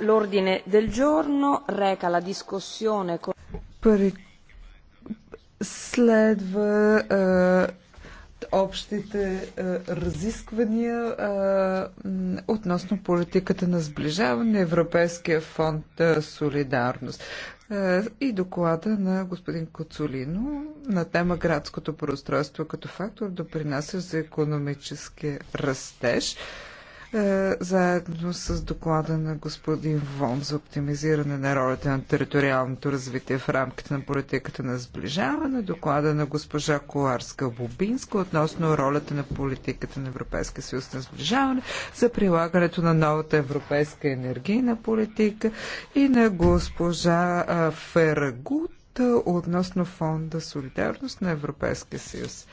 l'ordine del giorno reca la discussione con... Следва е, общите е, разисквания е, относно политиката на сближаване, Европейския фонд е, Солидарност е, и доклада на господин Коцулино на тема градското пространство като фактор допринася за економически растеж. Е, е, заедно с доклада на господин Вон за оптимизиране на ролята на териториалното развитие в рамките на политиката на сближаване, доклада на госпожа Коларска-Бубинска относно ролята на политиката на Европейския съюз на сближаване за прилагането на новата европейска енергийна политика и на госпожа Ферагут относно фонда Солидарност на Европейския съюз.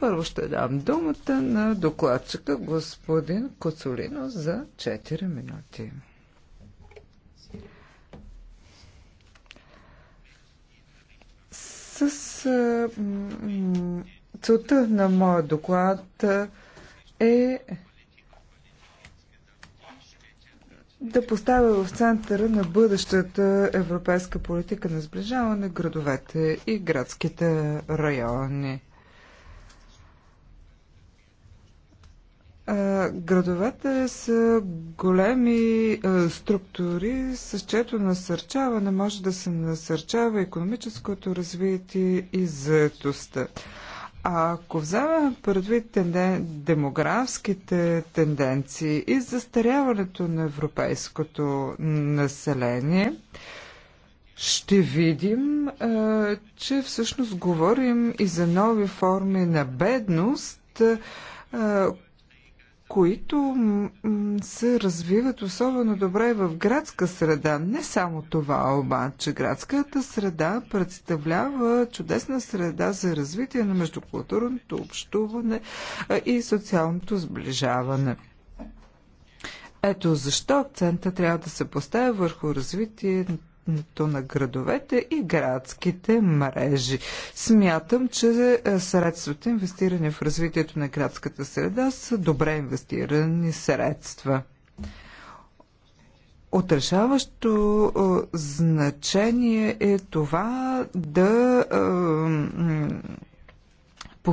Първо ще дам думата на докладчика господин Коцолино за 4 минути. С целта на моя доклад е да поставя в центъра на бъдещата европейска политика на сближаване градовете и градските райони. Градовете са големи структури, с чето насърчаване може да се насърчава економическото развитие и заетостта. А ако вземем предвид тенден... демографските тенденции и застаряването на европейското население, ще видим, че всъщност говорим и за нови форми на бедност, които се развиват особено добре в градска среда. Не само това, обаче. Градската среда представлява чудесна среда за развитие на междукултурното общуване и социалното сближаване. Ето защо акцента трябва да се поставя върху развитие развитието на градовете и градските мрежи. Смятам, че е, средствата, инвестирани в развитието на градската среда, са добре инвестирани средства. Отрешаващо е, значение е това да е,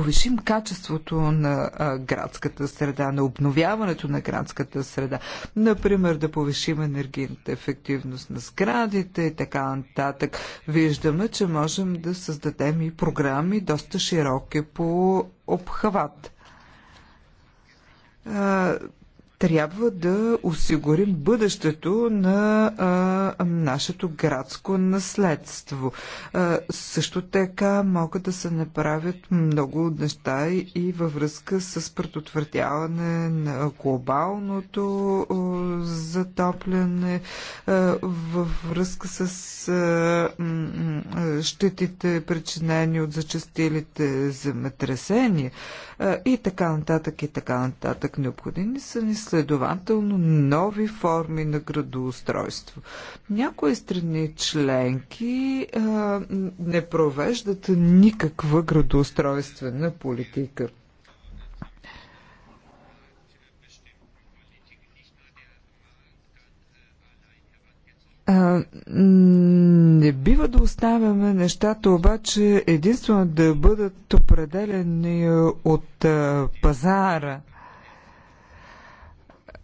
повишим качеството на градската среда, на обновяването на градската среда. Например, да повишим енергийната ефективност на сградите и така нататък. Виждаме, че можем да създадем и програми доста широки по обхват трябва да осигурим бъдещето на а, нашето градско наследство. А, също така могат да се направят много неща и във връзка с предотвратяване на глобалното а, затопляне, а, във връзка с а, а, щетите, причинени от зачастилите земетресения а, и така нататък и така нататък. Необходими са ни следователно нови форми на градоустройство. Някои страни членки а, не провеждат никаква градоустройствена политика. А, не бива да оставяме нещата обаче единствено да бъдат определени от а, пазара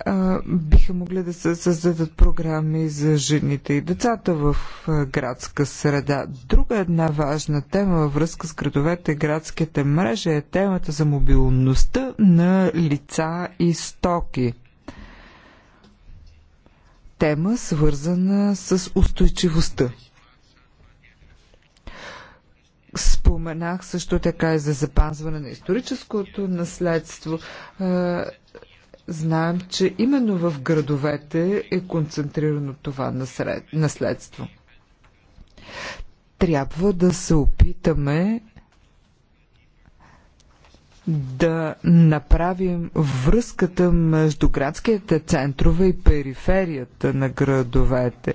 а, биха могли да се създадат програми за жените и децата в градска среда. Друга една важна тема във връзка с градовете и градските мрежи е темата за мобилността на лица и стоки. Тема свързана с устойчивостта. Споменах също така и за запазване на историческото наследство знаем, че именно в градовете е концентрирано това наследство. Трябва да се опитаме да направим връзката между градските центрове и периферията на градовете.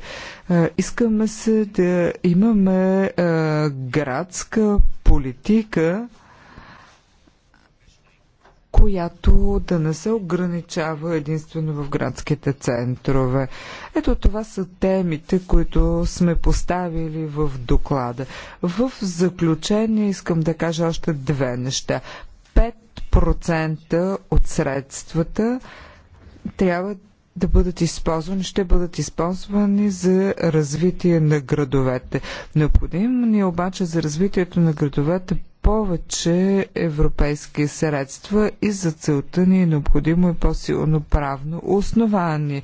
Е, искаме се да имаме е, градска политика, която да не се ограничава единствено в градските центрове. Ето това са темите, които сме поставили в доклада. В заключение искам да кажа още две неща. 5% от средствата трябва да бъдат използвани, ще бъдат използвани за развитие на градовете. Необходимо ни обаче за развитието на градовете повече европейски средства и за целта ни е необходимо и по-силно правно основание.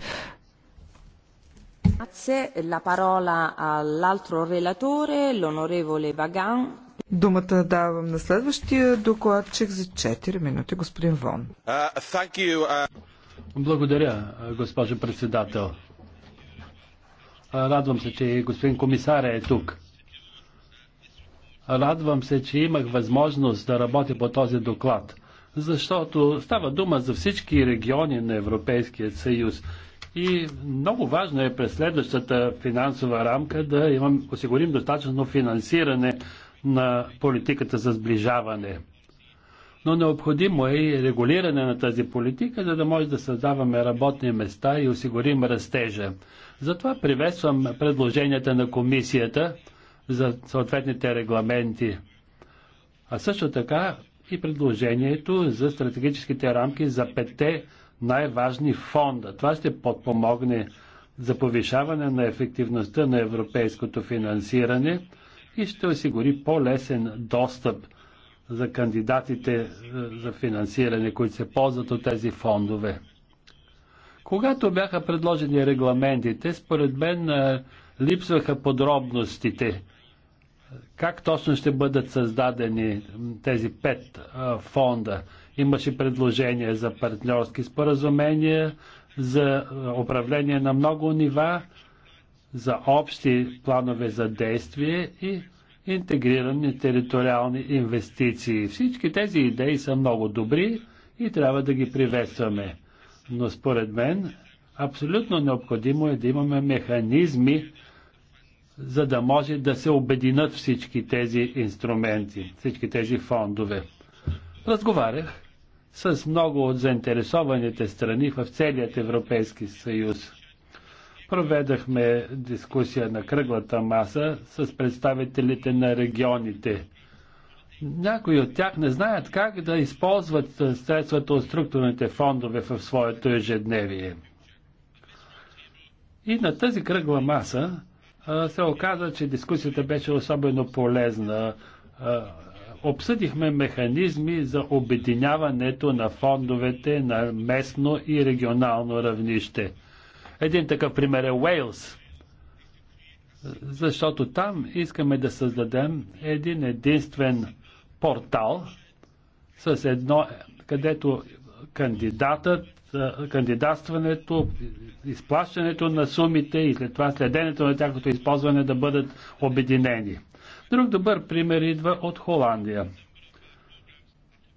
Думата давам на следващия докладчик за 4 минути, господин Вон. Uh, uh, Благодаря, uh, госпожо председател. Радвам се, че господин комисар, е тук. Радвам се, че имах възможност да работя по този доклад, защото става дума за всички региони на Европейския съюз. И много важно е през следващата финансова рамка да имам, осигурим достатъчно финансиране на политиката за сближаване. Но необходимо е и регулиране на тази политика, за да може да създаваме работни места и осигурим растежа. Затова приветствам предложенията на комисията за съответните регламенти. А също така и предложението за стратегическите рамки за пете най-важни фонда. Това ще подпомогне за повишаване на ефективността на европейското финансиране и ще осигури по-лесен достъп за кандидатите е, за финансиране, които се ползват от тези фондове. Когато бяха предложени регламентите, според мен е, липсваха подробностите как точно ще бъдат създадени тези пет фонда? Имаше предложение за партньорски споразумения, за управление на много нива, за общи планове за действие и интегрирани териториални инвестиции. Всички тези идеи са много добри и трябва да ги приветстваме. Но според мен абсолютно необходимо е да имаме механизми за да може да се обединят всички тези инструменти, всички тези фондове. Разговарях с много от заинтересованите страни в целият Европейски съюз. Проведахме дискусия на кръглата маса с представителите на регионите. Някои от тях не знаят как да използват средствата от структурните фондове в своето ежедневие. И на тази кръгла маса се оказа, че дискусията беше особено полезна. Обсъдихме механизми за обединяването на фондовете на местно и регионално равнище. Един такъв пример е Уейлс, защото там искаме да създадем един единствен портал с едно, където кандидатът кандидатстването, изплащането на сумите и след това следенето на тяхното използване да бъдат обединени. Друг добър пример идва от Холандия,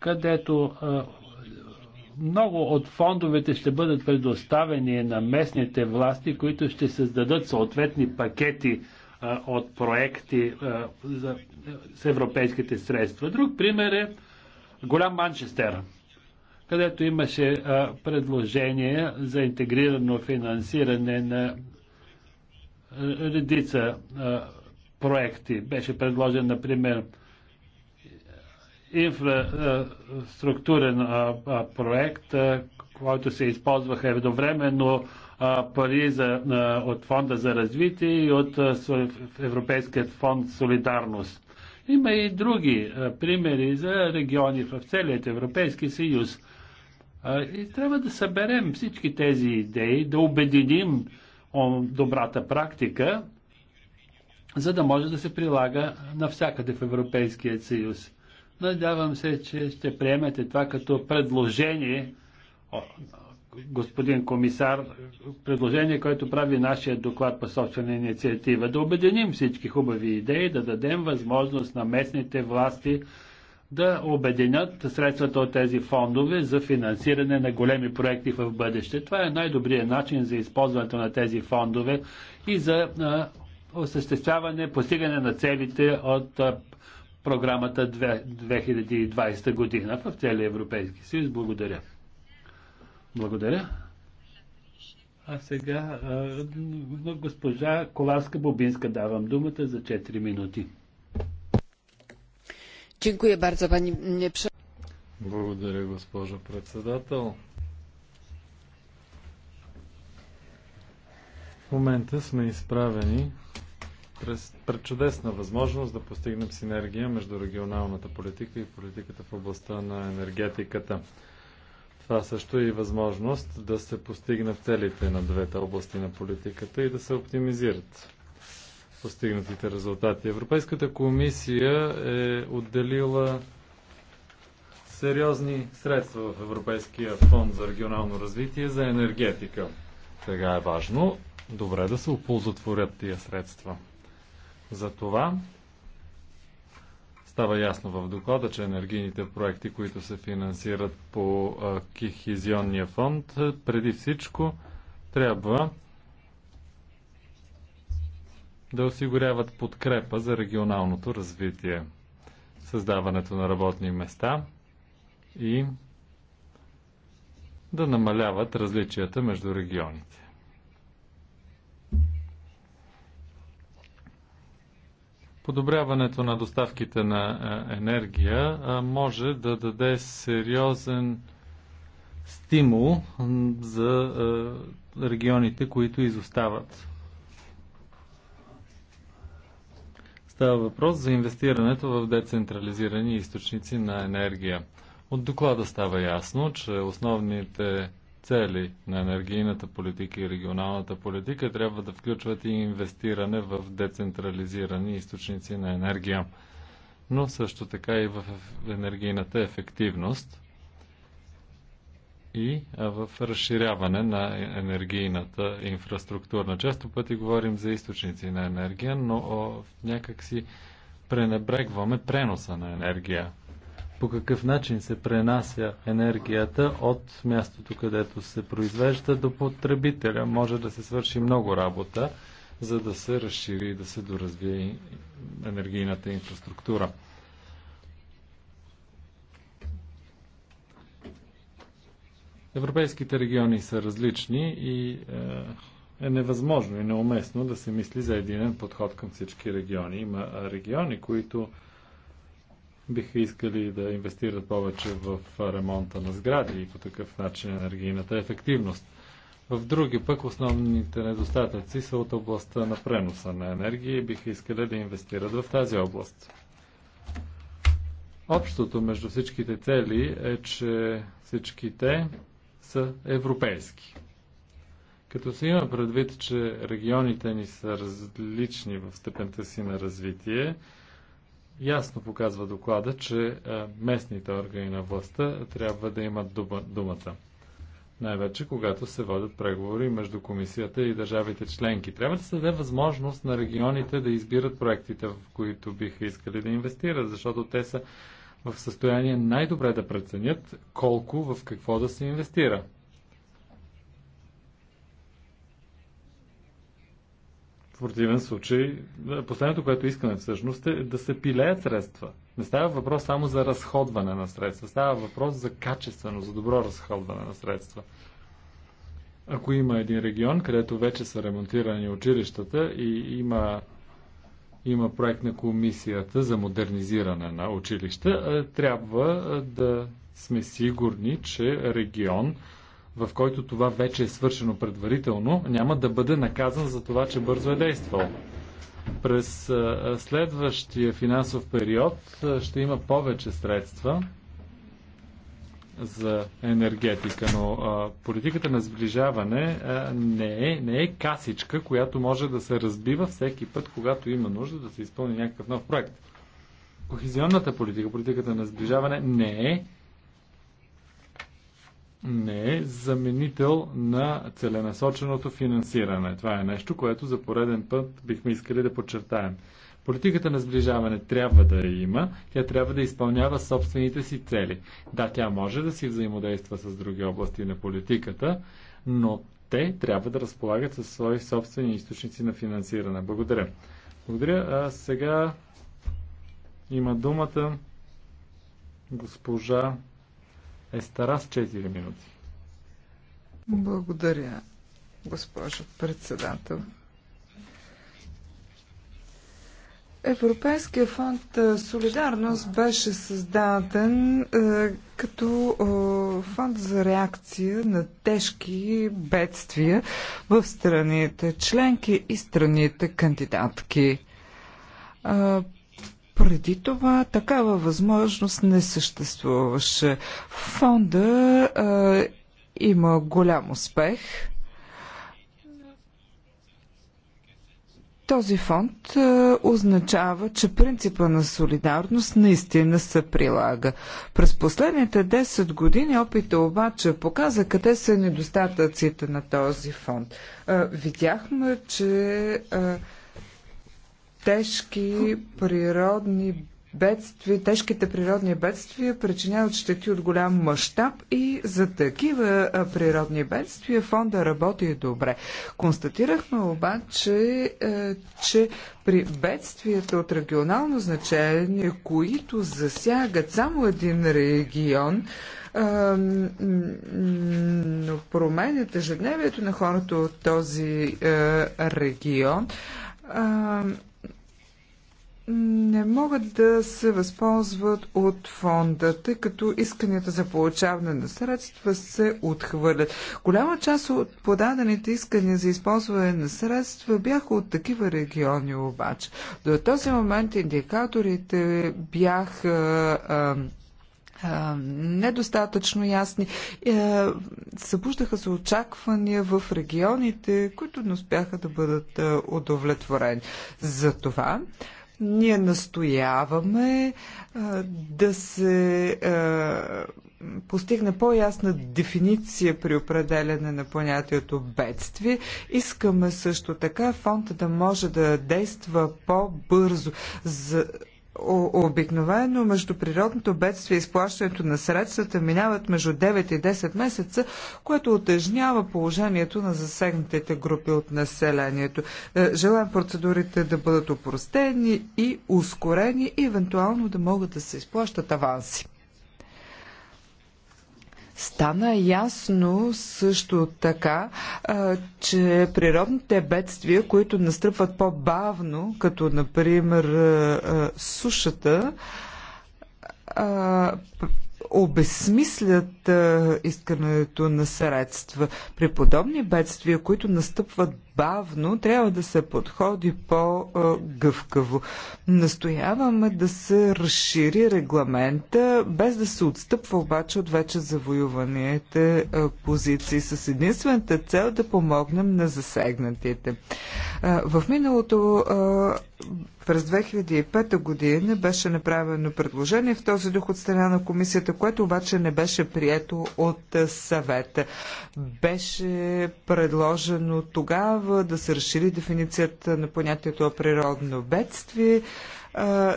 където много от фондовете ще бъдат предоставени на местните власти, които ще създадат съответни пакети от проекти за, с европейските средства. Друг пример е Голям Манчестер където имаше а, предложение за интегрирано финансиране на редица а, проекти. Беше предложен, например, инфраструктурен а, а, проект, а, който се използваха едновременно а, пари за, а, от Фонда за развитие и от а, Европейският фонд Солидарност. Има и други а, примери за региони в целият Европейски съюз, и трябва да съберем всички тези идеи, да обединим добрата практика, за да може да се прилага навсякъде в Европейския съюз. Надявам се, че ще приемете това като предложение, господин комисар, предложение, което прави нашия доклад по собствена инициатива. Да обединим всички хубави идеи, да дадем възможност на местните власти да обединят средствата от тези фондове за финансиране на големи проекти в бъдеще. Това е най-добрият начин за използването на тези фондове и за а, осъществяване, постигане на целите от а, програмата 2020 година в целия Европейски съюз. Благодаря. Благодаря. А сега а, госпожа Коларска-Бобинска давам думата за 4 минути. Благодаря, госпожо председател. В момента сме изправени през предчудесна възможност да постигнем синергия между регионалната политика и политиката в областта на енергетиката. Това също е и възможност да се постигнат целите на двете области на политиката и да се оптимизират постигнатите резултати. Европейската комисия е отделила сериозни средства в Европейския фонд за регионално развитие за енергетика. Сега е важно добре да се оползотворят тия средства. За това става ясно в доклада, че енергийните проекти, които се финансират по Кихизионния фонд, преди всичко трябва да осигуряват подкрепа за регионалното развитие, създаването на работни места и да намаляват различията между регионите. Подобряването на доставките на енергия може да даде сериозен стимул за регионите, които изостават Става въпрос за инвестирането в децентрализирани източници на енергия. От доклада става ясно, че основните цели на енергийната политика и регионалната политика трябва да включват и инвестиране в децентрализирани източници на енергия, но също така и в енергийната ефективност – и в разширяване на енергийната инфраструктура. Често пъти говорим за източници на енергия, но някакси пренебрегваме преноса на енергия. По какъв начин се пренася енергията от мястото, където се произвежда до потребителя? Може да се свърши много работа, за да се разшири и да се доразвие енергийната инфраструктура. Европейските региони са различни и е, е невъзможно и неуместно да се мисли за единен подход към всички региони. Има региони, които биха искали да инвестират повече в ремонта на сгради и по такъв начин енергийната ефективност. В други пък основните недостатъци са от областта на преноса на енергия и биха искали да инвестират в тази област. Общото между всичките цели е, че всичките са европейски. Като се има предвид, че регионите ни са различни в степента си на развитие, ясно показва доклада, че местните органи на властта трябва да имат думата. Най-вече, когато се водят преговори между комисията и държавите членки. Трябва да се даде възможност на регионите да избират проектите, в които биха искали да инвестират, защото те са в състояние най-добре да преценят колко в какво да се инвестира. В противен случай, последното, което искаме всъщност е да се пилеят средства. Не става въпрос само за разходване на средства, става въпрос за качествено, за добро разходване на средства. Ако има един регион, където вече са ремонтирани училищата и има има проект на комисията за модернизиране на училища. Е, трябва е, да сме сигурни, че регион, в който това вече е свършено предварително, няма да бъде наказан за това, че бързо е действал. През е, следващия финансов период ще има повече средства за енергетика, но а, политиката на сближаване а, не, е, не е касичка, която може да се разбива всеки път, когато има нужда да се изпълни някакъв нов проект. Кохезионната политика, политиката на сближаване не е не е заменител на целенасоченото финансиране. Това е нещо, което за пореден път бихме искали да подчертаем. Политиката на сближаване трябва да я има, тя трябва да изпълнява собствените си цели. Да, тя може да си взаимодейства с други области на политиката, но те трябва да разполагат със свои собствени източници на финансиране. Благодаря. Благодаря. А сега има думата госпожа Естара с 4 минути. Благодаря, госпожо председател. Европейския фонд е, Солидарност беше създаден е, като е, фонд за реакция на тежки бедствия в страните членки и страните кандидатки. преди това такава възможност не съществуваше. Фонда има голям успех Този фонд е, означава, че принципа на солидарност наистина се прилага. През последните 10 години опита обаче показа къде са недостатъците на този фонд. Е, видяхме, че е, тежки природни бедствия, тежките природни бедствия причиняват щети от голям мащаб и за такива природни бедствия фонда работи добре. Констатирахме обаче, е, че при бедствията от регионално значение, които засягат само един регион, но променят ежедневието на хората от този е, регион, не могат да се възползват от фонда, тъй като исканията за получаване на средства се отхвърлят. Голяма част от подадените искания за използване на средства бяха от такива региони обаче. До този момент индикаторите бяха а, а, недостатъчно ясни. Е, събуждаха се очаквания в регионите, които не успяха да бъдат удовлетворени. За това ние настояваме а, да се а, постигне по-ясна дефиниция при определене на понятието бедствие. Искаме също така фонда да може да действа по-бързо за Обикновено между природното бедствие и изплащането на средствата минават между 9 и 10 месеца, което отежнява положението на засегнатите групи от населението. Е, желаем процедурите да бъдат опростени и ускорени и евентуално да могат да се изплащат аванси. Стана ясно също така, че природните бедствия, които настъпват по-бавно, като например сушата, обесмислят искането на средства. При подобни бедствия, които настъпват по-бавно, трябва да се подходи по-гъвкаво. Настояваме да се разшири регламента, без да се отстъпва обаче от вече завоюваните позиции, с единствената цел да помогнем на засегнатите. В миналото през 2005 година беше направено предложение в този дух от страна на комисията, което обаче не беше прието от съвета. Беше предложено тогава трябва да се разшири дефиницията на понятието природно бедствие.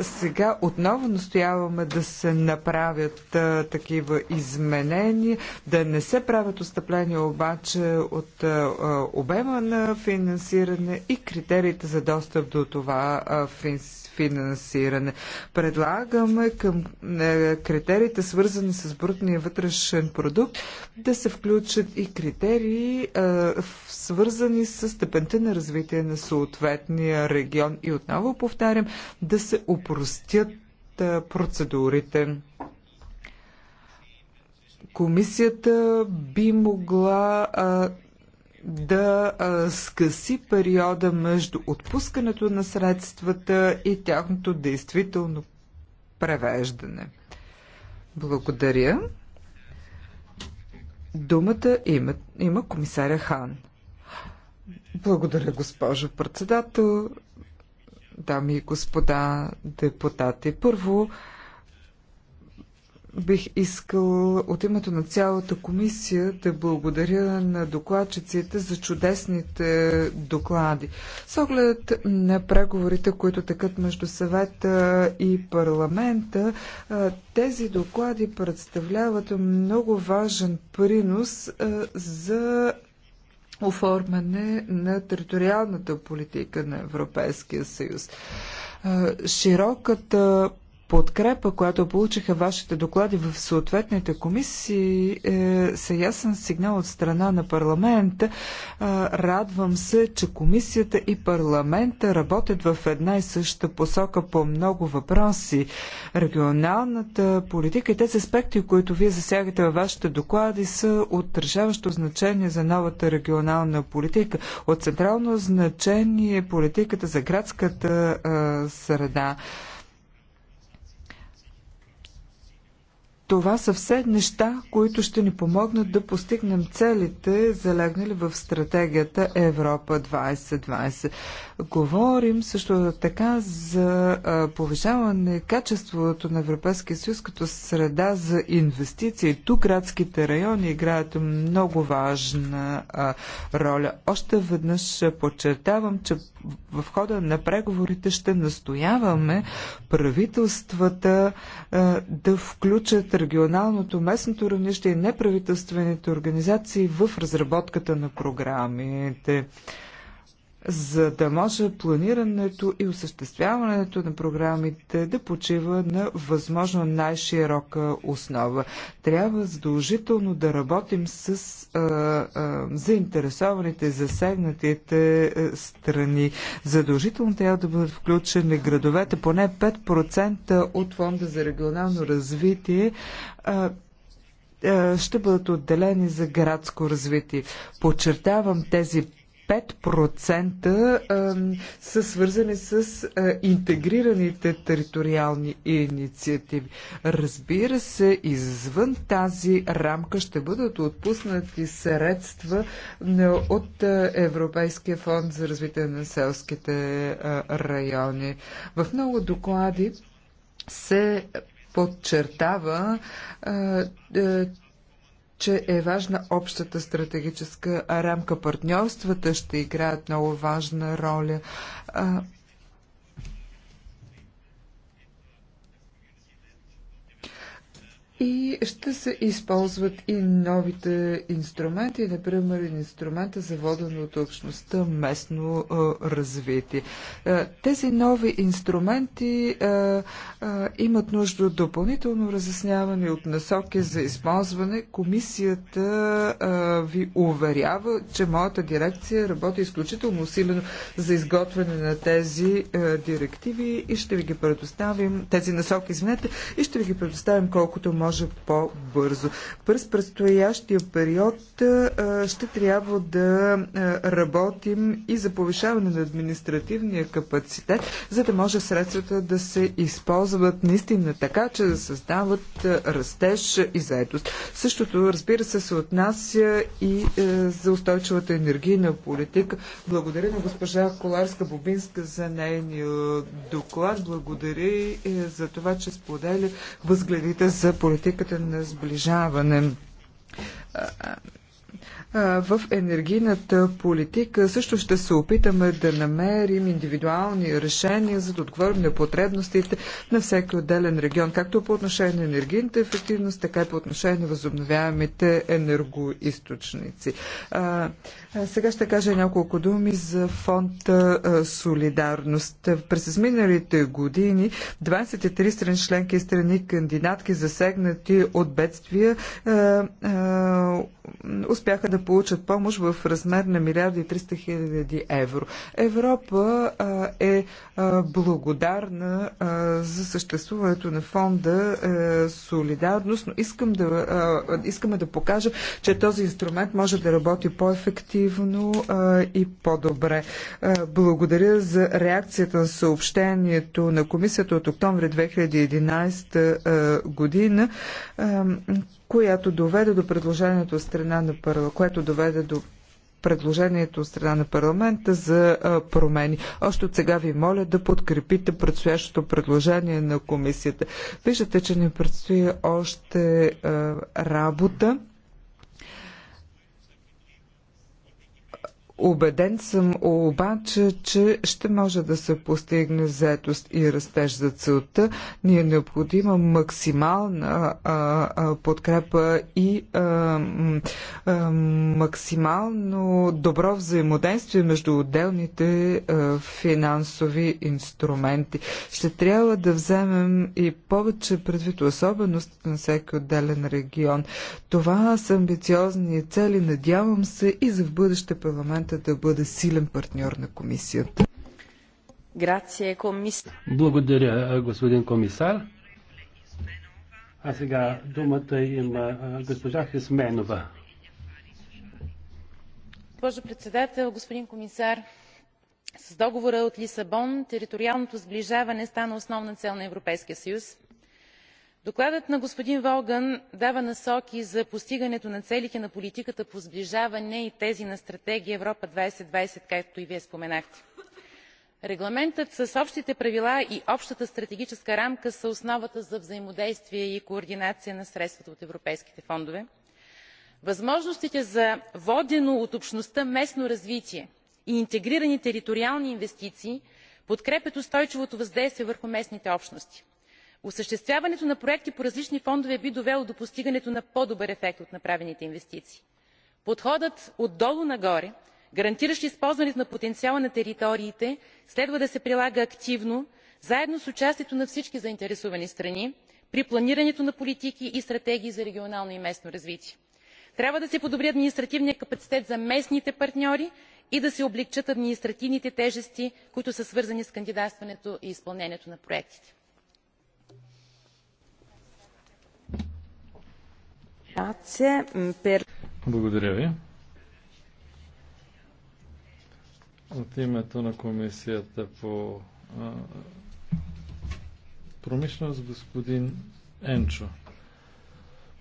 Сега отново настояваме да се направят а, такива изменения, да не се правят отстъпления обаче от а, обема на финансиране и критериите за достъп до това а, финансиране финансиране. Предлагаме към е, критериите, свързани с брутния вътрешен продукт, да се включат и критерии, е, свързани с степента на развитие на съответния регион. И отново повтарям, да се упростят е, процедурите. Комисията би могла да скъси периода между отпускането на средствата и тяхното действително превеждане. Благодаря. Думата има, има комисаря Хан. Благодаря, госпожо председател, дами и господа депутати. Първо, Бих искал от името на цялата комисия да благодаря на докладчиците за чудесните доклади. С оглед на преговорите, които тъкат между съвета и парламента, тези доклади представляват много важен принос за оформяне на териториалната политика на Европейския съюз широката подкрепа, която получиха вашите доклади в съответните комисии, е, са ясен сигнал от страна на парламента. Е, радвам се, че комисията и парламента работят в една и съща посока по много въпроси. Регионалната политика и тези аспекти, които вие засягате във вашите доклади, са от решаващо значение за новата регионална политика. От централно значение е политиката за градската е, среда. Това са все неща, които ще ни помогнат да постигнем целите, залегнали в стратегията Европа 2020. Говорим също така за повишаване качеството на Европейския съюз като среда за инвестиции. Тук градските райони играят много важна роля. Още веднъж подчертавам, че в хода на преговорите ще настояваме правителствата да включат регионалното, местното равнище и неправителствените организации в разработката на програмите за да може планирането и осъществяването на програмите да почива на възможно най-широка основа. Трябва задължително да работим с а, а, заинтересованите, засегнатите а, страни. Задължително трябва да бъдат включени градовете, поне 5% от фонда за регионално развитие. А, ще бъдат отделени за градско развитие. Подчертавам тези 5% са свързани с интегрираните териториални инициативи. Разбира се, извън тази рамка ще бъдат отпуснати средства от Европейския фонд за развитие на селските райони. В много доклади се подчертава, че е важна общата стратегическа рамка. Партньорствата ще играят много важна роля. И ще се използват и новите инструменти, например инструмента за водено от общността местно а, развитие. А, тези нови инструменти а, а, имат нужда от допълнително разясняване от насоки за използване. Комисията а, ви уверява, че моята дирекция работи изключително усилено за изготвяне на тези а, директиви и ще ви ги предоставим, тези насоки, извинете, и ще ви ги предоставим колкото може може по-бързо. През предстоящия период ще трябва да работим и за повишаване на административния капацитет, за да може средствата да се използват наистина така, че да създават растеж и заедост. Същото, разбира се, се отнася и за устойчивата енергийна политика. Благодаря на госпожа Коларска-Бобинска за нейния доклад. Благодаря и за това, че споделя възгледите за политика политиката на сближаване. В енергийната политика също ще се опитаме да намерим индивидуални решения, за да отговорим на потребностите на всеки отделен регион, както по отношение на енергийната ефективност, така и по отношение на възобновяемите енергоисточници. Сега ще кажа няколко думи за фонд Солидарност. През изминалите години 23 страни членки и страни кандидатки, засегнати от бедствия, успяха да да получат помощ в размер на милиарди 300 хиляди евро. Европа е благодарна за съществуването на фонда е, Солидарност, но искам да, искаме да покажем, че този инструмент може да работи по-ефективно и по-добре. Благодаря за реакцията на съобщението на комисията от октомври 2011 година, която доведе до предложението страна на първа, което доведе до предложението от страна на парламента за промени. Още от сега ви моля да подкрепите предстоящото предложение на комисията. Виждате, че ни предстои още работа Обеден съм обаче, че ще може да се постигне заетост и растеж за целта. Ни е необходима максимална а, а, подкрепа и а, а, максимално добро взаимодействие между отделните а, финансови инструменти. Ще трябва да вземем и повече предвид особеностите на всеки отделен регион. Това са амбициозни цели. Надявам се и за в бъдеще парламент парламента да бъде силен партньор на комисията. Благодаря, господин комисар. А сега думата има госпожа Хесменова. Госпожо председател, господин комисар, с договора от Лисабон териториалното сближаване стана основна цел на Европейския съюз докладът на господин vaughan дава насоки за постигането на целите на политиката по сближаване и тези на стратегия европа две хиляди и двадесет както и вие споменахте. регламентът с общите правила и общата стратегическа рамка са основата за взаимодействие и координация на средствата от европейските фондове. възможностите за водено от общността местно развитие и интегрирани териториални инвестиции подкрепят устойчивото въздействие върху местните общности осъществяването на проекти по различни фондове би довело до постигането на по добър ефект от направените инвестиции. подходът отдолу нагоре гарантиращ използването на потенциала на териториите следва да се прилага активно заедно с участието на всички заинтересовани страни при планирането на политики и стратегии за регионално и местно развитие. трябва да се подобри административният капацитет за местните партньори и да се облекчат административните тежести които са свързани с кандидатстването и изпълнението на проектите. Mm, Благодаря ви. От името на комисията по промишленост господин Енчо.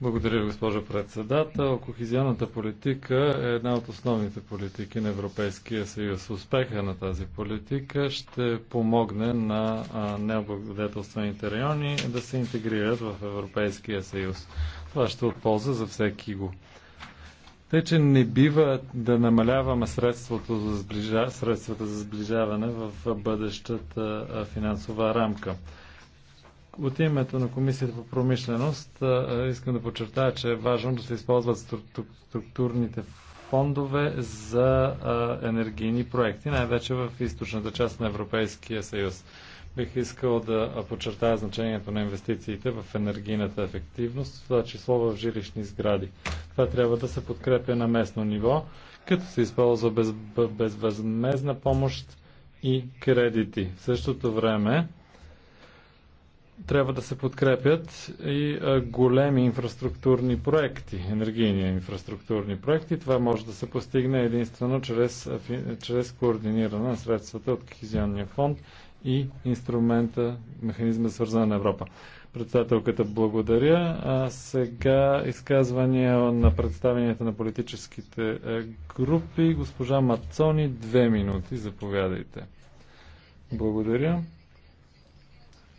Благодаря, госпожо председател. Кохизионната политика е една от основните политики на Европейския съюз. Успеха на тази политика ще помогне на необлагодетелствените райони да се интегрират в Европейския съюз. Това ще е от полза за всеки го. Тъй, че не бива да намаляваме средството за сближа... средствата за сближаване в бъдещата финансова рамка. От името на Комисията по промишленост искам да подчертая, че е важно да се използват структурните фондове за енергийни проекти, най-вече в източната част на Европейския съюз. Бих искал да подчертая значението на инвестициите в енергийната ефективност, в това число в жилищни сгради. Това трябва да се подкрепя на местно ниво, като се използва без, безвъзмезна помощ и кредити. В същото време трябва да се подкрепят и големи инфраструктурни проекти, енергийни инфраструктурни проекти. Това може да се постигне единствено чрез, чрез координиране на средствата от Кохизионния фонд и инструмента, механизма свързана на Европа. Председателката благодаря. А сега изказвания на представенията на политическите групи. Госпожа Мацони, две минути, заповядайте. Благодаря.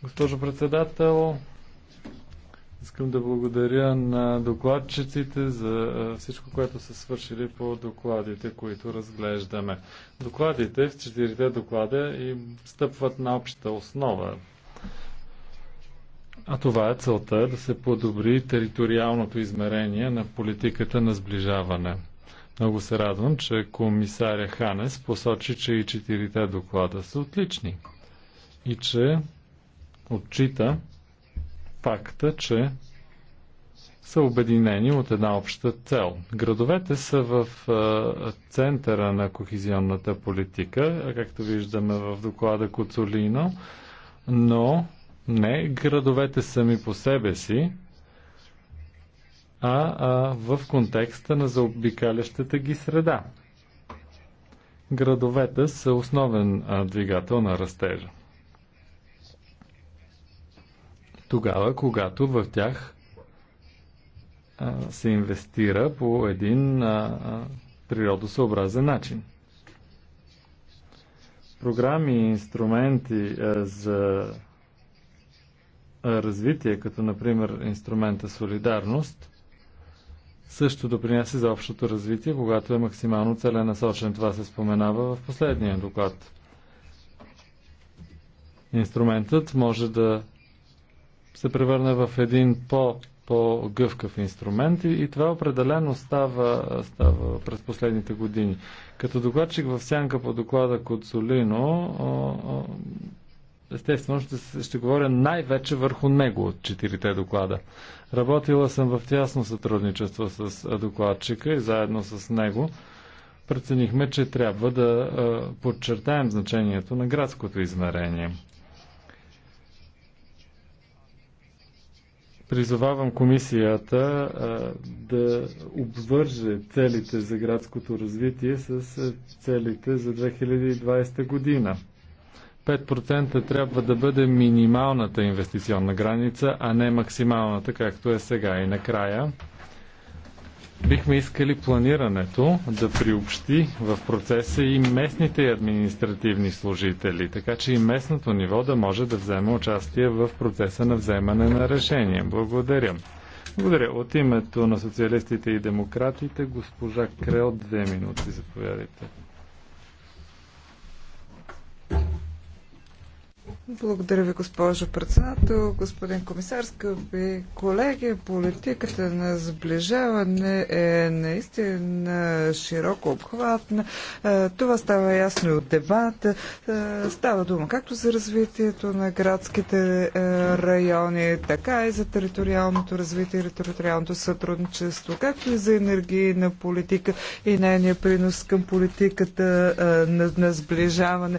Госпожо председател, искам да благодаря на докладчиците за всичко, което са свършили по докладите, които разглеждаме. Докладите в четирите доклада и стъпват на общата основа. А това е целта да се подобри териториалното измерение на политиката на сближаване. Много се радвам, че комисаря Ханес посочи, че и четирите доклада са отлични и че отчита факта, че са обединени от една обща цел. Градовете са в центъра на кохизионната политика, както виждаме в доклада Коцолино, но не градовете сами по себе си, а, а в контекста на заобикалящата ги среда. Градовете са основен двигател на растежа. тогава, когато в тях се инвестира по един природосъобразен начин. Програми и инструменти за развитие, като например инструмента солидарност, също допринася за общото развитие, когато е максимално целенасочен. Това се споменава в последния доклад. Инструментът може да се превърне в един по- по-гъвкав инструмент и, и това определено става, става през последните години. Като докладчик в сянка по доклада Коцолино, естествено ще, ще говоря най-вече върху него от четирите доклада. Работила съм в тясно сътрудничество с докладчика и заедно с него преценихме, че трябва да подчертаем значението на градското измерение. Призовавам комисията да обвърже целите за градското развитие с целите за 2020 година. 5% трябва да бъде минималната инвестиционна граница, а не максималната, както е сега. И накрая, Бихме искали планирането да приобщи в процеса и местните административни служители, така че и местното ниво да може да вземе участие в процеса на вземане на решение. Благодаря. Благодаря. От името на социалистите и демократите, госпожа Крел, две минути, заповядайте. Благодаря ви, госпожо председател, господин комисар, скъпи колеги. Политиката на сближаване е наистина широко обхватна. Е, това става ясно и от дебата. Е, става дума както за развитието на градските е, райони, така и за териториалното развитие и териториалното сътрудничество, както и за енергийна политика и нейния принос към политиката на, на сближаване.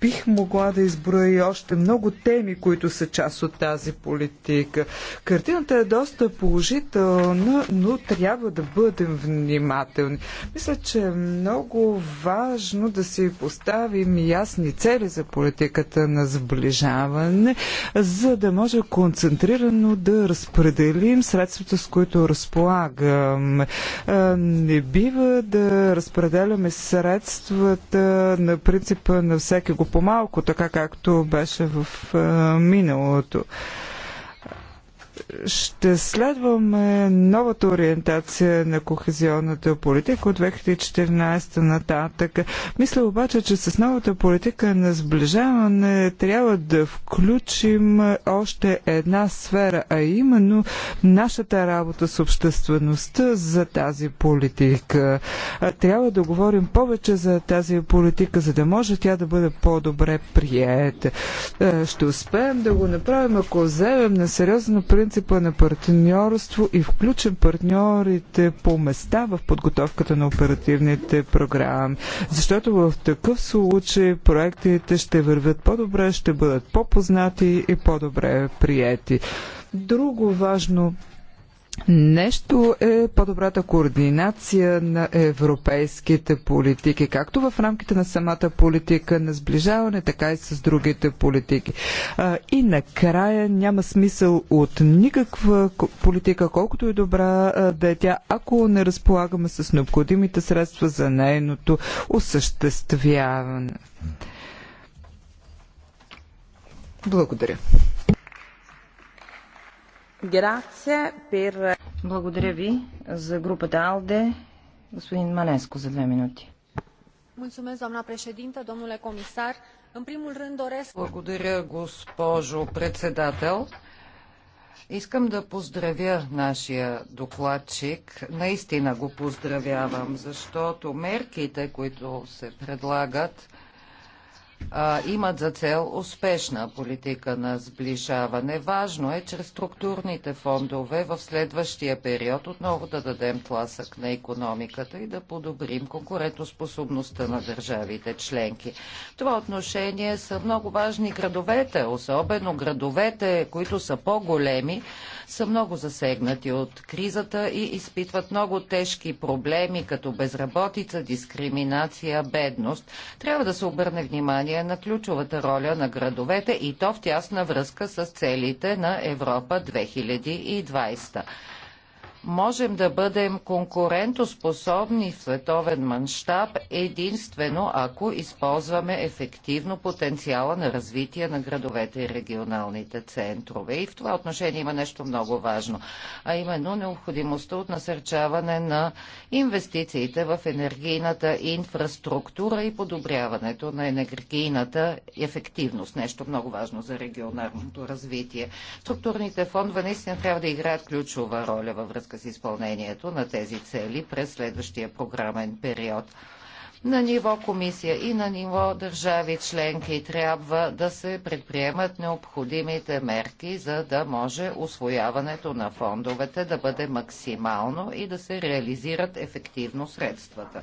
Бих могла да изброя и още още много теми, които са част от тази политика. Картината е доста положителна, но трябва да бъдем внимателни. Мисля, че е много важно да си поставим ясни цели за политиката на сближаване, за да може концентрирано да разпределим средствата, с които разполагаме. Не бива да разпределяме средствата на принципа на всеки го по-малко, така както беше имаше в миналото ще следваме новата ориентация на кохезионната политика от 2014 нататък. Мисля обаче, че с новата политика на сближаване трябва да включим още една сфера, а именно нашата работа с обществеността за тази политика. Трябва да говорим повече за тази политика, за да може тя да бъде по-добре приета. Е, ще успеем да го направим, ако вземем на сериозно принцип принципа на партньорство и включим партньорите по места в подготовката на оперативните програми. Защото в такъв случай проектите ще вървят по-добре, ще бъдат по-познати и по-добре приети. Друго важно Нещо е по-добрата координация на европейските политики, както в рамките на самата политика на сближаване, така и с другите политики. и накрая няма смисъл от никаква политика, колкото и добра да е тя, ако не разполагаме с необходимите средства за нейното осъществяване. Благодаря. Благодаря ви за групата АЛДЕ. Господин Манеско за две минути. Mulțumesc, doamna președintă, domnule comisar. În primul rând doresc... Благодаря, госпожо председател. Искам да поздравя нашия докладчик. Наистина го поздравявам, защото мерките, които се предлагат, а, имат за цел успешна политика на сближаване. Важно е чрез структурните фондове в следващия период отново да дадем тласък на економиката и да подобрим конкурентоспособността на държавите членки. това отношение са много важни градовете, особено градовете, които са по-големи, са много засегнати от кризата и изпитват много тежки проблеми, като безработица, дискриминация, бедност. Трябва да се обърне внимание отношение на ключовата роля на градовете и то в тясна връзка с целите на Европа 2020 можем да бъдем конкурентоспособни в световен мащаб единствено ако използваме ефективно потенциала на развитие на градовете и регионалните центрове. И в това отношение има нещо много важно, а именно необходимостта от насърчаване на инвестициите в енергийната инфраструктура и подобряването на енергийната ефективност. Нещо много важно за регионалното развитие. Структурните фондове наистина трябва да играят ключова роля във връзка връзка с изпълнението на тези цели през следващия програмен период. На ниво комисия и на ниво държави членки трябва да се предприемат необходимите мерки, за да може освояването на фондовете да бъде максимално и да се реализират ефективно средствата.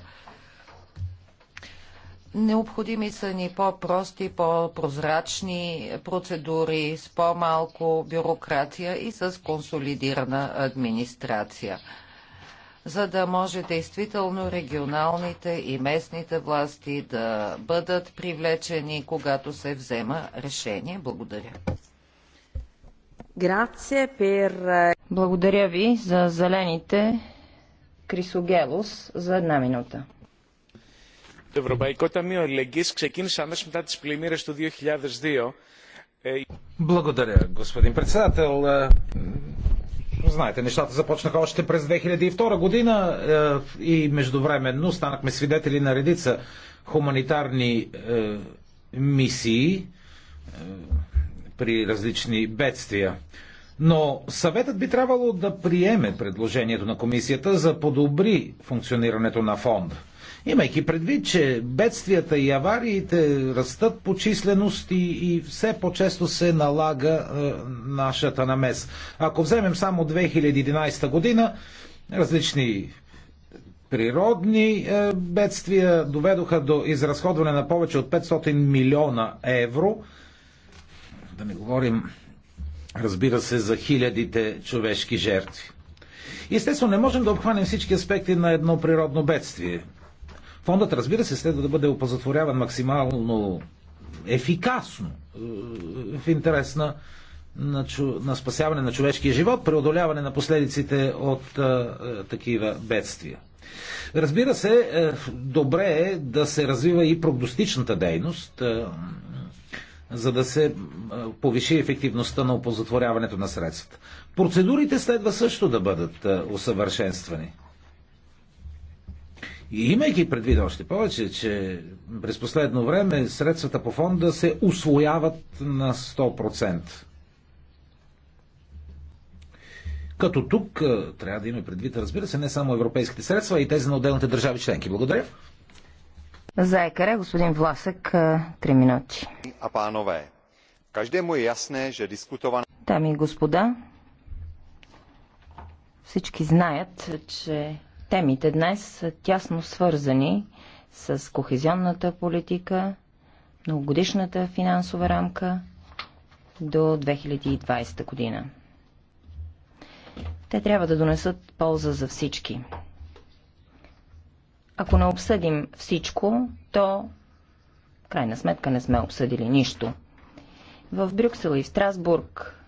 Необходими са ни по-прости, по-прозрачни процедури, с по-малко бюрокрация и с консолидирана администрация за да може действително регионалните и местните власти да бъдат привлечени, когато се взема решение. Благодаря. Благодаря ви за зелените Крисогелос за една минута. Το Ευρωπαϊκό Ταμείο Αλληλεγγύης ξεκίνησε αμέσως μετά τις πλημμύρες του 2002. Благодаря, господин председател. Е, знаете, нещата започнаха още през 2002 година е, и междувременно станахме свидетели на редица хуманитарни е, мисии при различни бедствия. Но съветът би трябвало да приеме предложението на комисията за подобри функционирането на фонда. Имайки предвид, че бедствията и авариите растат по численост и, и все по-често се налага е, нашата намес. Ако вземем само 2011 година, различни природни е, бедствия доведоха до изразходване на повече от 500 милиона евро. Да не говорим, разбира се, за хилядите човешки жертви. Естествено, не можем да обхванем всички аспекти на едно природно бедствие Фондът, разбира се, следва да бъде опозатворяван максимално ефикасно е, в интерес на, на, на спасяване на човешкия живот, преодоляване на последиците от а, е, а, е, такива бедствия. Разбира се, е, добре е да се развива и прогностичната дейност, е, за да се повиши ефективността на опозатворяването на средствата. Процедурите следва също да бъдат усъвършенствани. И имайки предвид още повече, че през последно време средствата по фонда се освояват на 100%. Като тук трябва да има предвид, разбира се, не само европейските средства, а и тези на отделните държави членки. Благодаря. За екаре, господин Власък, 3 минути. А панове, каждому е ясне, че дискутован... Дами и господа, всички знаят, че Темите днес са тясно свързани с кохезионната политика, многогодишната финансова рамка до 2020 година. Те трябва да донесат полза за всички. Ако не обсъдим всичко, то крайна сметка не сме обсъдили нищо. В Брюксел и в Страсбург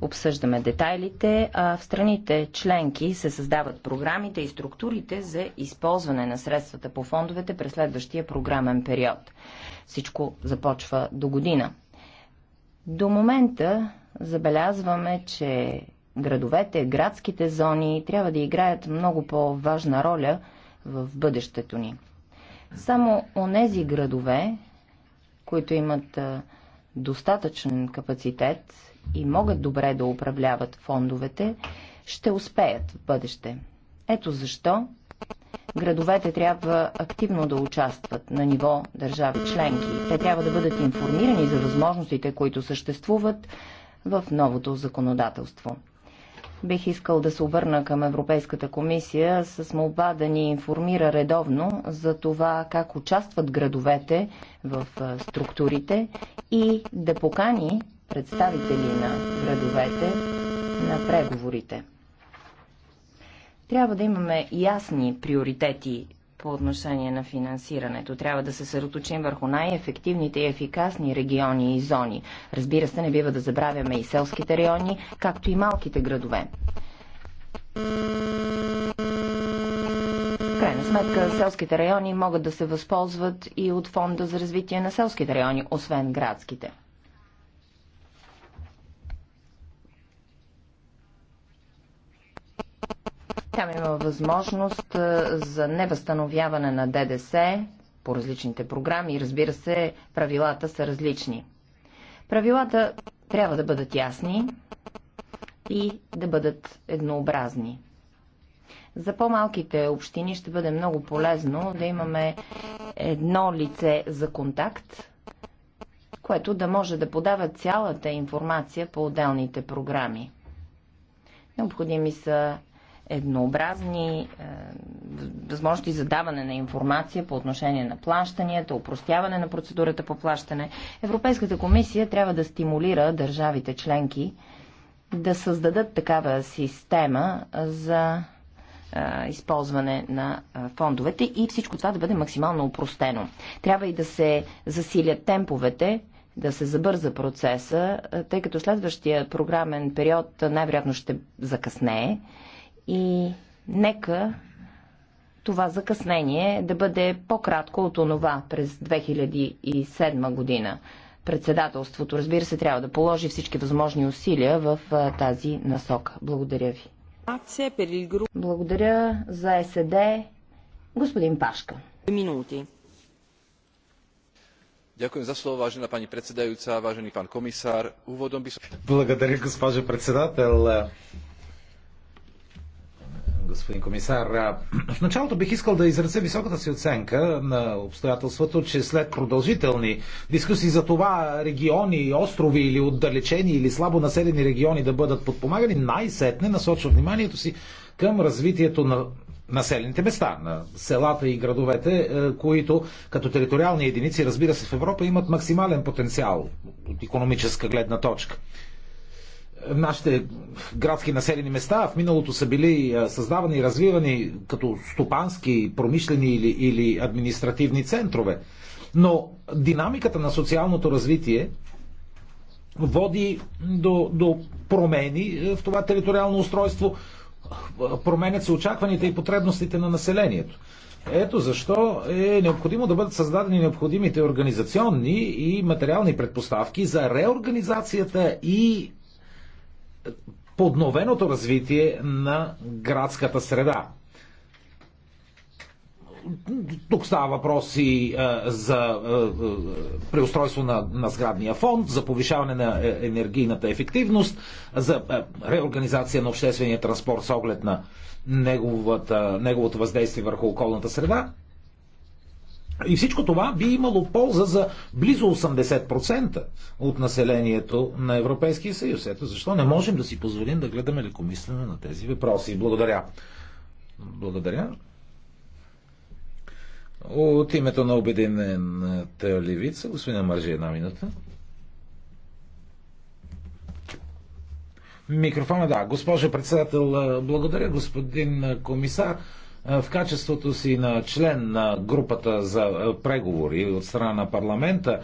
обсъждаме детайлите, а в страните членки се създават програмите и структурите за използване на средствата по фондовете през следващия програмен период. Всичко започва до година. До момента забелязваме, че градовете, градските зони трябва да играят много по-важна роля в бъдещето ни. Само онези градове, които имат достатъчен капацитет и могат добре да управляват фондовете, ще успеят в бъдеще. Ето защо градовете трябва активно да участват на ниво държави членки. Те трябва да бъдат информирани за възможностите, които съществуват в новото законодателство. Бих искал да се обърна към Европейската комисия с молба да ни информира редовно за това как участват градовете в структурите и да покани представители на градовете на преговорите. Трябва да имаме ясни приоритети по отношение на финансирането. Трябва да се съсредоточим върху най-ефективните и ефикасни региони и зони. Разбира се, не бива да забравяме и селските райони, както и малките градове. В крайна сметка, селските райони могат да се възползват и от фонда за развитие на селските райони, освен градските. Там има възможност за невъзстановяване на ДДС по различните програми и разбира се, правилата са различни. Правилата трябва да бъдат ясни и да бъдат еднообразни. За по-малките общини ще бъде много полезно да имаме едно лице за контакт, което да може да подава цялата информация по отделните програми. Необходими са еднообразни е, възможности за даване на информация по отношение на плащанията, упростяване на процедурата по плащане. Европейската комисия трябва да стимулира държавите членки да създадат такава система за е, използване на е, фондовете и всичко това да бъде максимално упростено. Трябва и да се засилят темповете, да се забърза процеса, е, тъй като следващия програмен период най-вероятно ще закъснее и нека това закъснение да бъде по-кратко от онова през 2007 година. Председателството, разбира се, трябва да положи всички възможни усилия в тази насока. Благодаря ви. Благодаря за СД. Е господин Пашка. Минути. Благодаря, госпожа председател господин комисар. В началото бих искал да изразя високата си оценка на обстоятелството, че след продължителни дискусии за това региони, острови или отдалечени или слабо населени региони да бъдат подпомагани, най-сетне насочва вниманието си към развитието на населените места, на селата и градовете, е, които като териториални единици, разбира се, в Европа имат максимален потенциал от економическа гледна точка нашите градски населени места в миналото са били създавани и развивани като стопански, промишлени или, или административни центрове. Но динамиката на социалното развитие води до, до промени в това териториално устройство, променят се очакваните и потребностите на населението. Ето защо е необходимо да бъдат създадени необходимите организационни и материални предпоставки за реорганизацията и подновеното развитие на градската среда. Тук става въпрос и за а, преустройство на, на сградния фонд, за повишаване на е, енергийната ефективност, за а, реорганизация на обществения транспорт с оглед на неговата, неговото въздействие върху околната среда и всичко това би имало полза за близо 80% от населението на Европейския съюз. Ето защо не можем да си позволим да гледаме лекомислено на тези въпроси. Благодаря. Благодаря. От името на Обединената левица, господин Маржи, една минута. Микрофона, да. Госпожо председател, благодаря, господин комисар в качеството си на член на групата за преговори от страна на парламента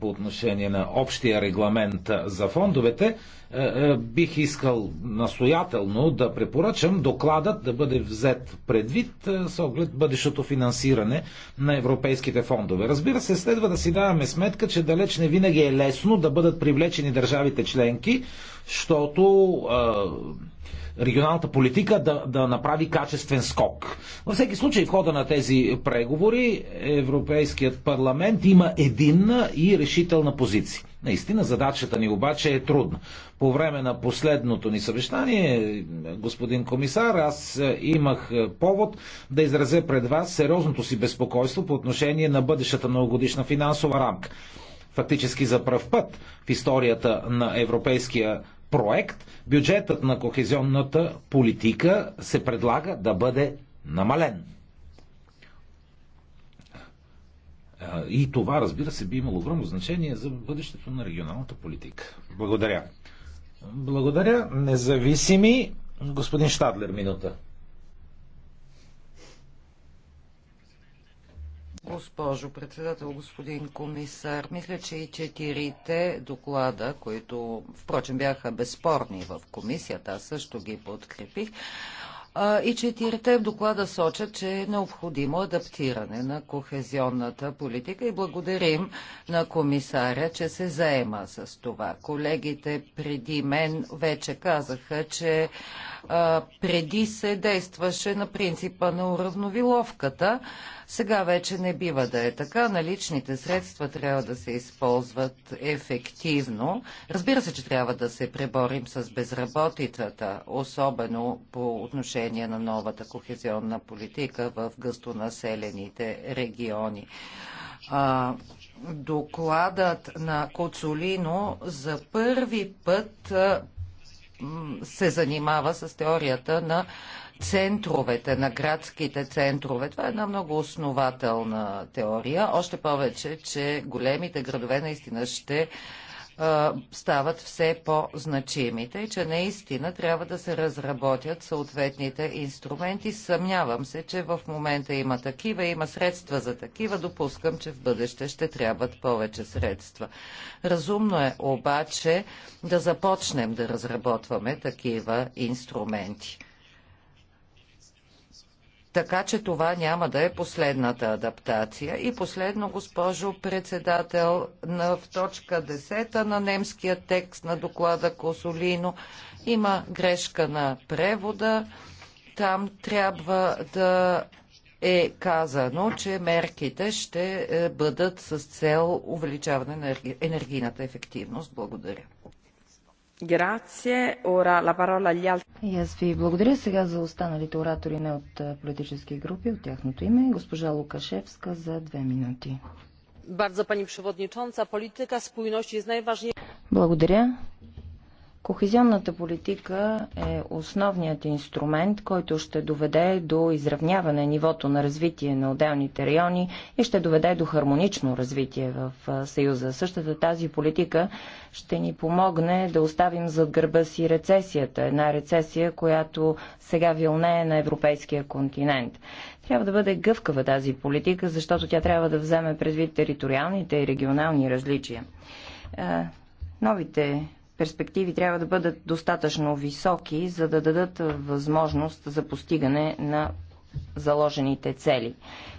по отношение на общия регламент за фондовете, е, е, бих искал настоятелно да препоръчам докладът да бъде взет предвид е, с оглед бъдещото финансиране на европейските фондове. Разбира се, следва да си даваме сметка, че далеч не винаги е лесно да бъдат привлечени държавите членки, защото регионалната политика да, да направи качествен скок. Във всеки случай, в хода на тези преговори Европейският парламент има единна и решителна позиция. Наистина задачата ни обаче е трудна. По време на последното ни съвещание, господин комисар, аз е, имах е, повод да изразя пред вас сериозното си безпокойство по отношение на бъдещата многогодишна финансова рамка. Фактически за пръв път в историята на европейския проект бюджетът на кохезионната политика се предлага да бъде намален. И това, разбира се, би имало огромно значение за бъдещето на регионалната политика. Благодаря. Благодаря. Независими. Господин Штадлер, минута. Госпожо председател, господин комисар, мисля, че и четирите доклада, които впрочем бяха безспорни в комисията, аз също ги подкрепих, и четирите в доклада сочат, че е необходимо адаптиране на кохезионната политика и благодарим на комисаря, че се заема с това. Колегите преди мен вече казаха, че преди се действаше на принципа на уравновиловката. Сега вече не бива да е така. Наличните средства трябва да се използват ефективно. Разбира се, че трябва да се преборим с безработицата, особено по отношение на новата кохезионна политика в гъстонаселените региони. А, докладът на Коцолино за първи път се занимава с теорията на центровете, на градските центрове. Това е една много основателна теория, още повече, че големите градове наистина ще стават все по-значими. Тъй, че наистина трябва да се разработят съответните инструменти. Съмнявам се, че в момента има такива, има средства за такива. Допускам, че в бъдеще ще трябват повече средства. Разумно е обаче да започнем да разработваме такива инструменти. Така че това няма да е последната адаптация. И последно, госпожо председател, на, в точка 10 на немския текст на доклада Косолино има грешка на превода. Там трябва да е казано, че мерките ще е, бъдат с цел увеличаване на енергийната ефективност. Благодаря. И аз ви благодаря сега за останалите оратори не от политически групи, от тяхното име. Госпожа Лукашевска за две минути. Благодаря. Кохезионната политика е основният инструмент, който ще доведе до изравняване нивото на развитие на отделните райони и ще доведе до хармонично развитие в Съюза. Същата тази политика ще ни помогне да оставим зад гърба си рецесията. Една рецесия, която сега вилнее на европейския континент. Трябва да бъде гъвкава тази политика, защото тя трябва да вземе предвид териториалните и регионални различия. Новите перспективи трябва да бъдат достатъчно високи, за да дадат възможност за постигане на заложените цели.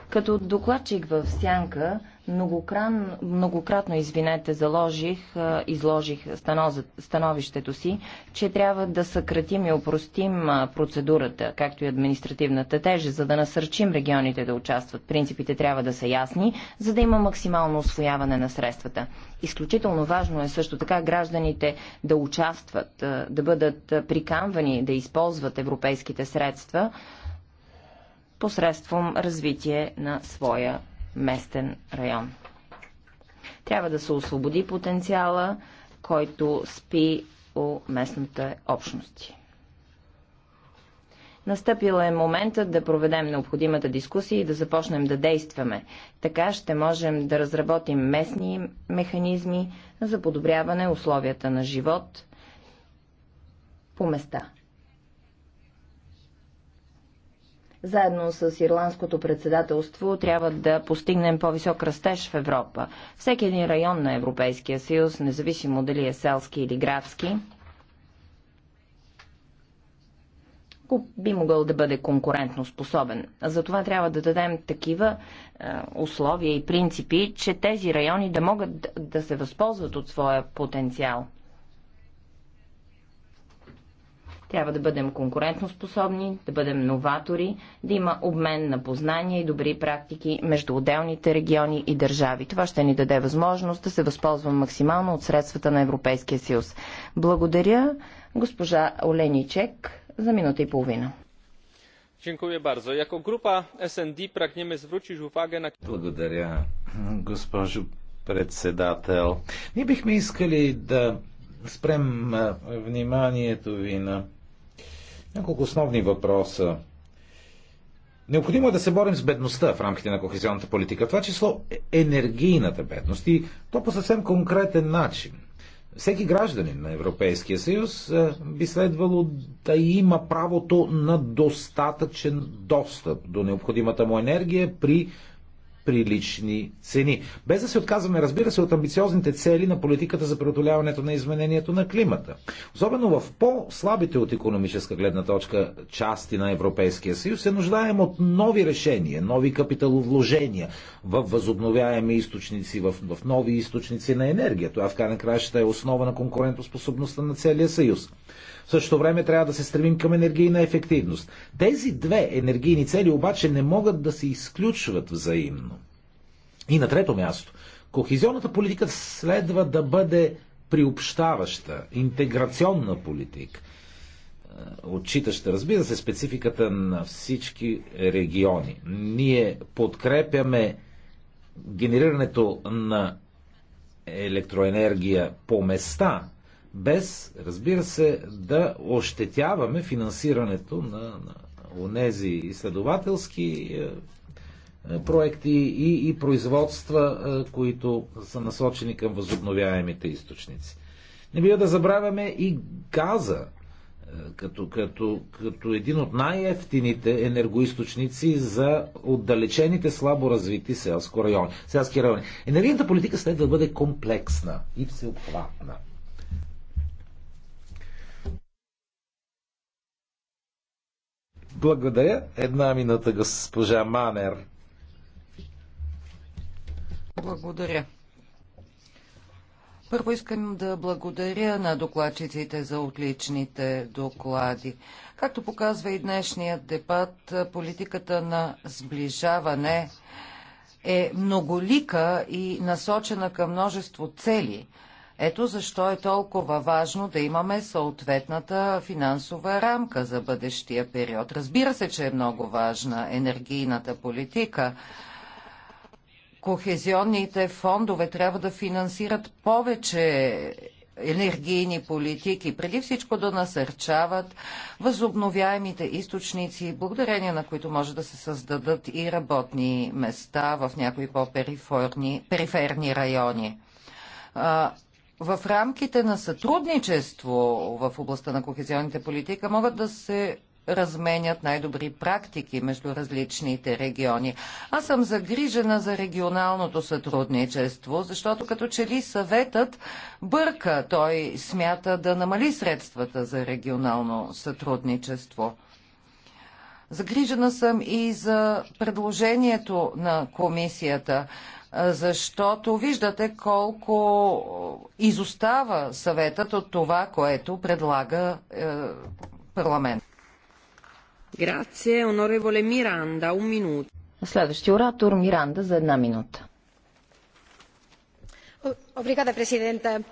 Като докладчик в Сянка Многокран, многократно, извинете, заложих, изложих становището си, че трябва да съкратим и опростим процедурата, както и административната тежест, за да насърчим регионите да участват. Принципите трябва да са ясни, за да има максимално освояване на средствата. Изключително важно е също така гражданите да участват, да бъдат приканвани да използват европейските средства посредством развитие на своя местен район. Трябва да се освободи потенциала, който спи у местната общности. Настъпил е моментът да проведем необходимата дискусия и да започнем да действаме. Така ще можем да разработим местни механизми за подобряване условията на живот по места. Заедно с ирландското председателство трябва да постигнем по-висок растеж в Европа. Всеки един район на Европейския съюз, независимо дали е селски или градски, би могъл да бъде конкурентно способен. Затова трябва да дадем такива е, условия и принципи, че тези райони да могат да се възползват от своя потенциал. Трябва да бъдем конкурентоспособни, да бъдем новатори, да има обмен на познания и добри практики между отделните региони и държави. Това ще ни даде възможност да се възползвам максимално от средствата на Европейския съюз. Благодаря госпожа Оленичек за минута и половина. Благодаря, госпожо председател. Ние бихме искали да спрем вниманието ви на няколко основни въпроса. Необходимо е да се борим с бедността в рамките на кохезионната политика, това число е- енергийната бедност и то по съвсем конкретен начин. Всеки гражданин на Европейския съюз е, би следвало да има правото на достатъчен достъп до необходимата му енергия при прилични цени. Без да се отказваме, разбира се, от амбициозните цели на политиката за преодоляването на изменението на климата. Особено в по-слабите от економическа гледна точка части на Европейския съюз се нуждаем от нови решения, нови капиталовложения в възобновяеми източници, в, в нови източници на енергия. Това в крайна краща е основа на конкурентоспособността на целия съюз. В същото време трябва да се стремим към енергийна ефективност. Тези две енергийни цели обаче не могат да се изключват взаимно. И на трето място, кохезионната политика следва да бъде приобщаваща, интеграционна политика, е, отчитаща, разбира се, спецификата на всички региони. Ние подкрепяме генерирането на електроенергия по места, без, разбира се, да ощетяваме финансирането на, на онези изследователски е, е, проекти и, и производства, е, които са насочени към възобновяемите източници. Не бива да забравяме и газа, е, като, като, като един от най-ефтините енергоисточници за отдалечените слабо развити селско райони, селски райони. Енергийната политика следва да бъде комплексна и всеобхватна. Благодаря. Една минута госпожа Манер. Благодаря. Първо искам да благодаря на докладчиците за отличните доклади. Както показва и днешният дебат, политиката на сближаване е многолика и насочена към множество цели. Ето защо е толкова важно да имаме съответната финансова рамка за бъдещия период. Разбира се, че е много важна енергийната политика, Кохезионните фондове трябва да финансират повече енергийни политики, преди всичко да насърчават възобновяемите източници, благодарение на които може да се създадат и работни места в някои по-периферни райони. В рамките на сътрудничество в областта на кохезионните политика могат да се разменят най-добри практики между различните региони. Аз съм загрижена за регионалното сътрудничество, защото като че ли съветът бърка, той смята да намали средствата за регионално сътрудничество. Загрижена съм и за предложението на комисията, защото виждате колко изостава съветът от това, което предлага е, парламент. Следващия оратор Миранда за една минута. Обригада, президента.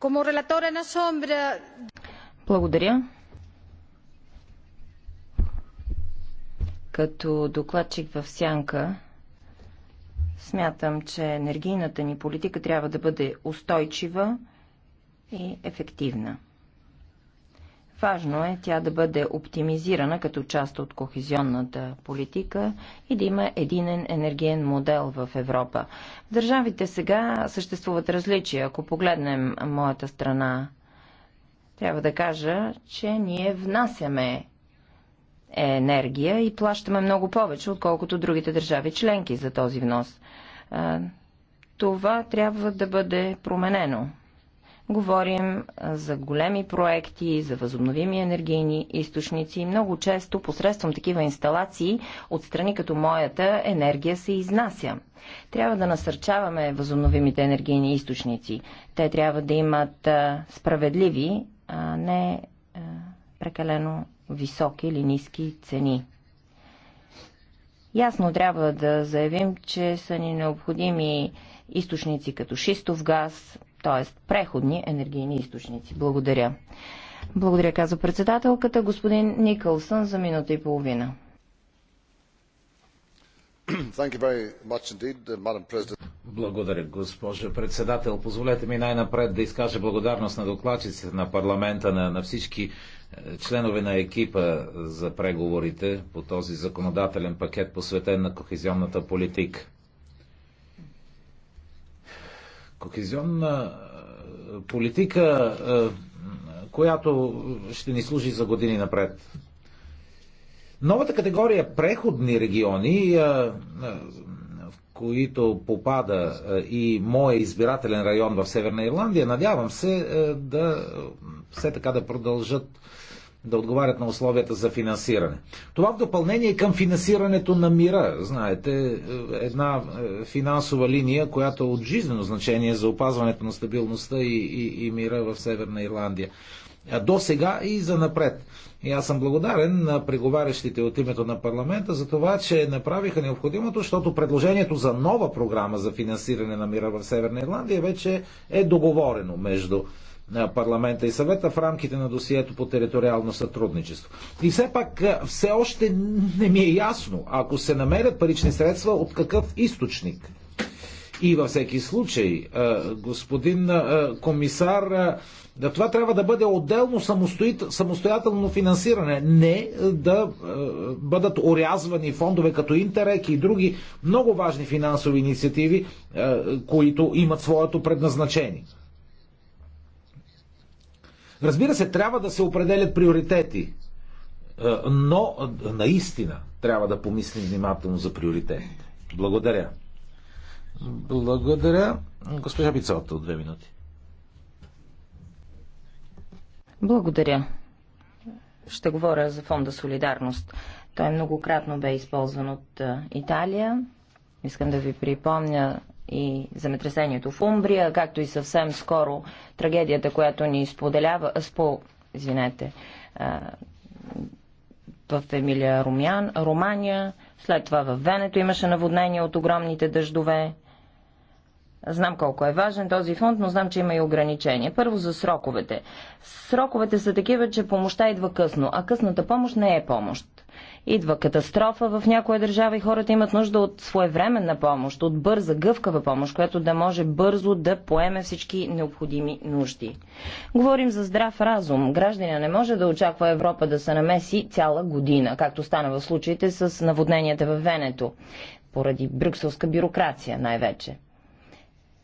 Como relatora на Благодаря. Като докладчик в сянка, смятам, че енергийната ни политика трябва да бъде устойчива и ефективна. Важно е тя да бъде оптимизирана като част от кохезионната политика и да има единен енергиен модел в Европа. В държавите сега съществуват различия. Ако погледнем моята страна, трябва да кажа, че ние внасяме енергия и плащаме много повече, отколкото другите държави членки за този внос. Това трябва да бъде променено. Говорим за големи проекти, за възобновими енергийни източници и много често посредством такива инсталации от страни като моята енергия се изнася. Трябва да насърчаваме възобновимите енергийни източници. Те трябва да имат справедливи, а не прекалено високи или ниски цени. Ясно трябва да заявим, че са ни необходими източници като шистов газ, т.е. преходни енергийни източници. Благодаря. Благодаря, каза председателката. Господин Никълсън за минута и половина. Благодаря, госпожо председател. Позволете ми най-напред да изкажа благодарност на докладчиците на парламента, на, на всички е, членове на екипа за преговорите по този законодателен пакет, посветен на кохезионната политика. Кохезионна политика, която ще ни служи за години напред. Новата категория преходни региони, в които попада и моя избирателен район в Северна Ирландия, надявам се да все така да продължат да отговарят на условията за финансиране. Това в допълнение към финансирането на мира. Знаете, е, една е, финансова линия, която е от жизнено значение за опазването на стабилността и, и, и мира в Северна Ирландия. А До сега и за напред. И аз съм благодарен на преговарящите от името на парламента за това, че направиха необходимото, защото предложението за нова програма за финансиране на мира в Северна Ирландия вече е договорено между парламента и съвета в рамките на досието по териториално сътрудничество. И все пак е, все още не ми е ясно, ако се намерят парични средства, от какъв източник. И във всеки случай, е, господин е, комисар, да това трябва да бъде отделно самостоятелно финансиране, не да бъдат орязвани фондове като Интерек и други много важни финансови инициативи, които имат своето предназначение. Разбира се, трябва да се определят приоритети, е, но е, наистина трябва да помислим внимателно за приоритетите. Благодаря. Благодаря. Госпожа Пицалата, от две минути. Благодаря. Ще говоря за фонда Солидарност. Той многократно бе използван от е, Италия. Искам да ви припомня и земетресението в Умбрия, както и съвсем скоро трагедията, която ни споделява, спо, извинете, в Емилия Румян, Румания, след това в Венето имаше наводнение от огромните дъждове. Знам колко е важен този фонд, но знам, че има и ограничения. Първо за сроковете. Сроковете са такива, че помощта идва късно, а късната помощ не е помощ. Идва катастрофа в някоя държава и хората имат нужда от своевременна помощ, от бърза, гъвкава помощ, която да може бързо да поеме всички необходими нужди. Говорим за здрав разум. Гражданина не може да очаква Европа да се намеси цяла година, както стана в случаите с наводненията в Венето, поради брюкселска бюрокрация най-вече.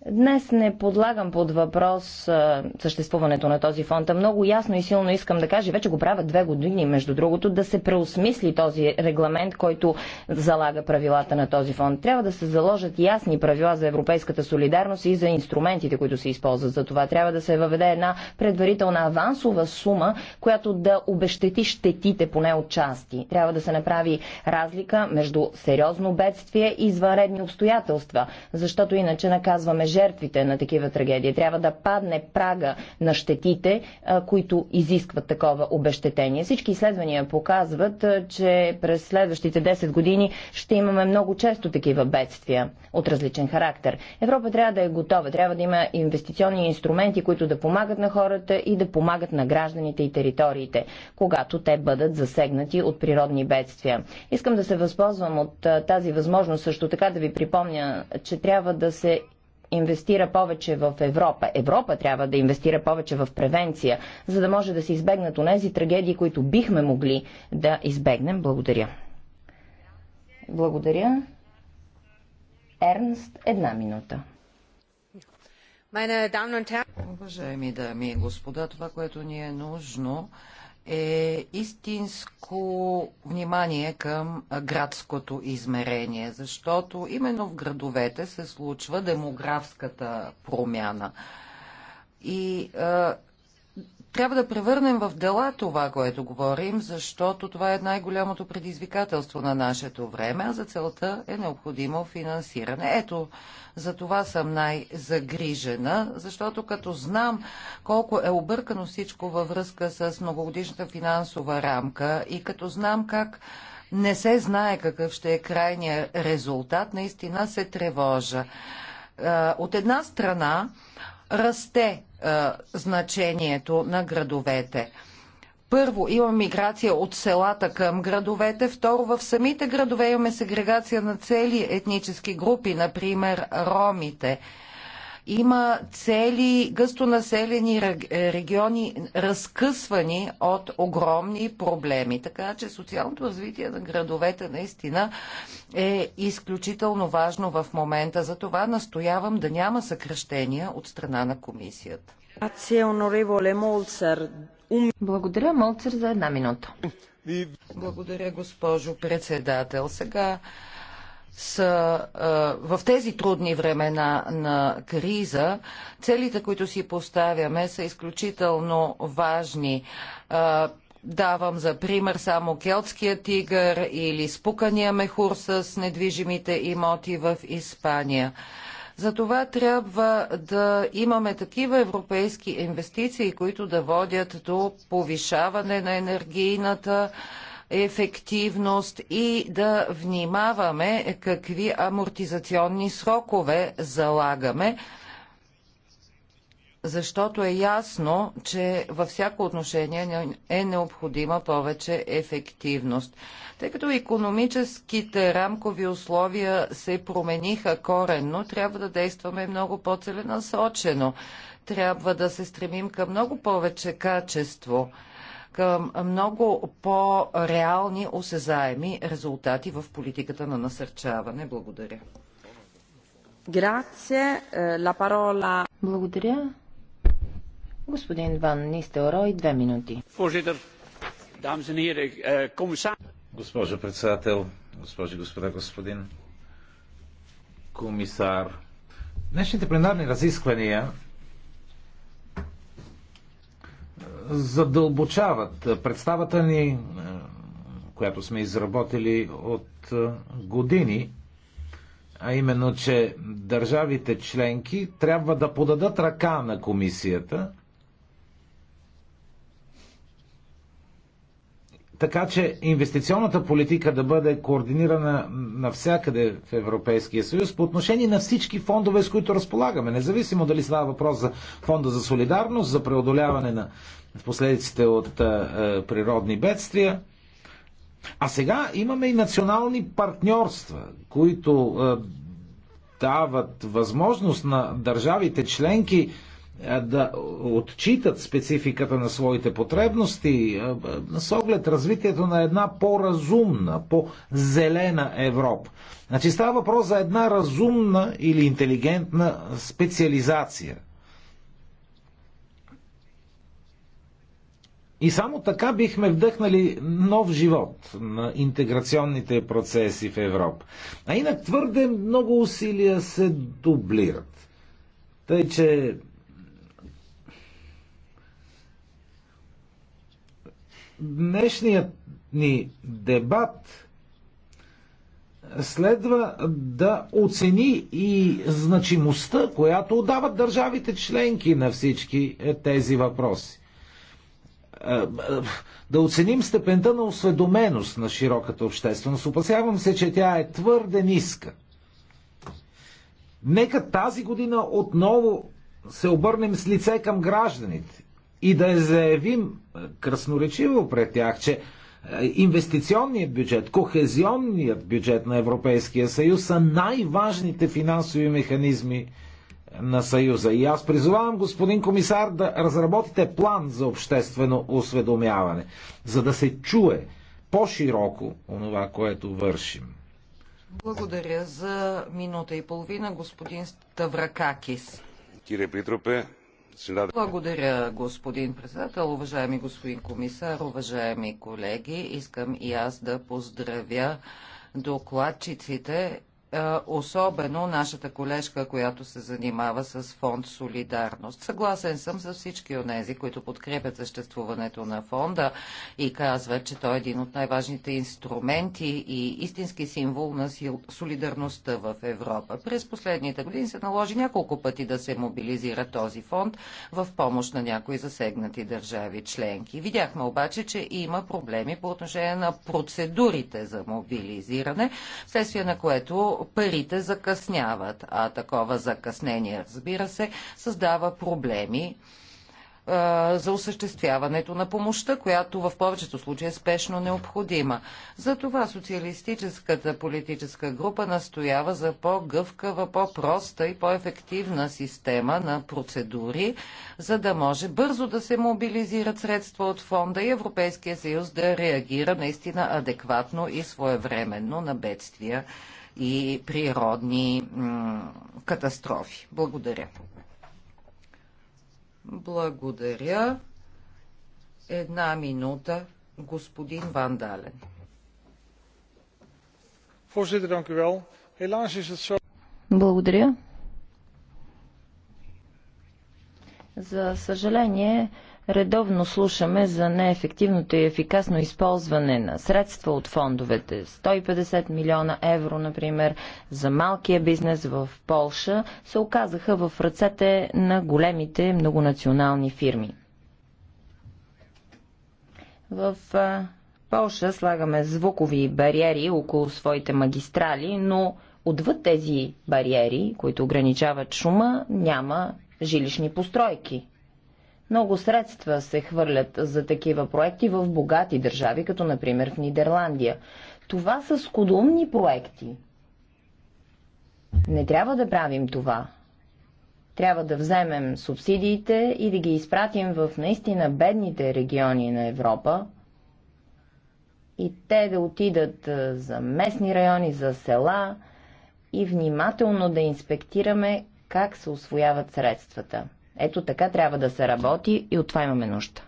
Днес не подлагам под въпрос а, съществуването на този фонд, а много ясно и силно искам да кажа, вече го правят две години, между другото, да се преосмисли този регламент, който залага правилата на този фонд. Трябва да се заложат ясни правила за европейската солидарност и за инструментите, които се използват за това. Трябва да се въведе една предварителна авансова сума, която да обещети щетите поне от части. Трябва да се направи разлика между сериозно бедствие и извънредни обстоятелства, защото иначе наказваме жертвите на такива трагедии. Трябва да падне прага на щетите, които изискват такова обещетение. Всички изследвания показват, че през следващите 10 години ще имаме много често такива бедствия от различен характер. Европа трябва да е готова, трябва да има инвестиционни инструменти, които да помагат на хората и да помагат на гражданите и териториите, когато те бъдат засегнати от природни бедствия. Искам да се възползвам от тази възможност също така да ви припомня, че трябва да се инвестира повече в Европа. Европа трябва да инвестира повече в превенция, за да може да се избегнат онези трагедии, които бихме могли да избегнем. Благодаря. Благодаря. Ернст, една минута. Уважаеми дами и господа, това, което ни е нужно е истинско внимание към градското измерение, защото именно в градовете се случва демографската промяна. И трябва да превърнем в дела това, което говорим, защото това е най-голямото предизвикателство на нашето време, а за целта е необходимо финансиране. Ето, за това съм най-загрижена, защото като знам колко е объркано всичко във връзка с многогодишната финансова рамка и като знам как не се знае какъв ще е крайният резултат, наистина се тревожа. От една страна, расте а, значението на градовете. Първо, има миграция от селата към градовете. Второ, в самите градове имаме сегрегация на цели етнически групи, например ромите. Има цели гъстонаселени е, региони, разкъсвани от огромни проблеми. Така че социалното развитие на градовете наистина е изключително важно в момента. Затова настоявам да няма съкръщения от страна на комисията. Благодаря, Молцер, за една минута. Благодаря, госпожо председател. Сега са в тези трудни времена на криза, целите, които си поставяме, са изключително важни. Давам за пример само келтския тигър или спукания мехур с недвижимите имоти в Испания. Затова трябва да имаме такива европейски инвестиции, които да водят до повишаване на енергийната ефективност и да внимаваме какви амортизационни срокове залагаме, защото е ясно, че във всяко отношение е необходима повече ефективност. Тъй като економическите рамкови условия се промениха коренно, трябва да действаме много по-целенасочено. Трябва да се стремим към много повече качество – към много по-реални, осезаеми резултати в политиката на насърчаване. Благодаря. Е, Благодаря. Господин Ван Нистелрой, две минути. Е, Госпожо председател, госпожи, господа, господин комисар, днешните пленарни разисквания задълбочават представата ни, е, която сме изработили от е, години, а именно, че държавите членки трябва да подадат ръка на комисията, така че инвестиционната политика да бъде координирана навсякъде в Европейския съюз по отношение на всички фондове, с които разполагаме, независимо дали става въпрос за фонда за солидарност, за преодоляване на в последиците от природни бедствия. А сега имаме и национални партньорства, които дават възможност на държавите членки да отчитат спецификата на своите потребности с оглед развитието на една по-разумна, по-зелена Европа. Значи става въпрос за една разумна или интелигентна специализация – И само така бихме вдъхнали нов живот на интеграционните процеси в Европа. А инак твърде много усилия се дублират. Тъй, че днешният ни дебат следва да оцени и значимостта, която отдават държавите членки на всички тези въпроси. Е, е, да оценим степента на осведоменост на широката общественост. Опасявам се, че тя е твърде ниска. Нека тази година отново се обърнем с лице към гражданите и да заявим е, красноречиво пред тях, че инвестиционният бюджет, кохезионният бюджет на Европейския съюз са най-важните финансови механизми на Съюза. И аз призовавам господин комисар да разработите план за обществено осведомяване, за да се чуе по-широко онова, което вършим. Благодаря за минута и половина, господин Ставракакис. Кире Притропе, благодаря, господин председател, уважаеми господин комисар, уважаеми колеги. Искам и аз да поздравя докладчиците е, особено нашата колежка, която се занимава с фонд Солидарност. Съгласен съм с всички от тези, които подкрепят съществуването на фонда и казват, че той е един от най-важните инструменти и истински символ на солидарността в Европа. През последните години се наложи няколко пъти да се мобилизира този фонд в помощ на някои засегнати държави членки. Видяхме обаче, че има проблеми по отношение на процедурите за мобилизиране, вследствие на което парите закъсняват, а такова закъснение, разбира се, създава проблеми е, за осъществяването на помощта, която в повечето случаи е спешно необходима. Затова социалистическата политическа група настоява за по-гъвкава, по-проста и по-ефективна система на процедури, за да може бързо да се мобилизират средства от фонда и Европейския съюз да реагира наистина адекватно и своевременно на бедствия и природни катастрофи. Благодаря. Благодаря. Една минута, господин Вандален. Voorzitter, dank u wel. Helaas is het zo. Благодаря. За съжаление, Редовно слушаме за неефективното и ефикасно използване на средства от фондовете. 150 милиона евро, например, за малкия бизнес в Полша се оказаха в ръцете на големите многонационални фирми. В Полша слагаме звукови бариери около своите магистрали, но отвъд тези бариери, които ограничават шума, няма жилищни постройки. Много средства се хвърлят за такива проекти в богати държави, като например в Нидерландия. Това са скудумни проекти. Не трябва да правим това. Трябва да вземем субсидиите и да ги изпратим в наистина бедните региони на Европа и те да отидат за местни райони, за села и внимателно да инспектираме как се освояват средствата. Ето така трябва да се работи и от това имаме нужда.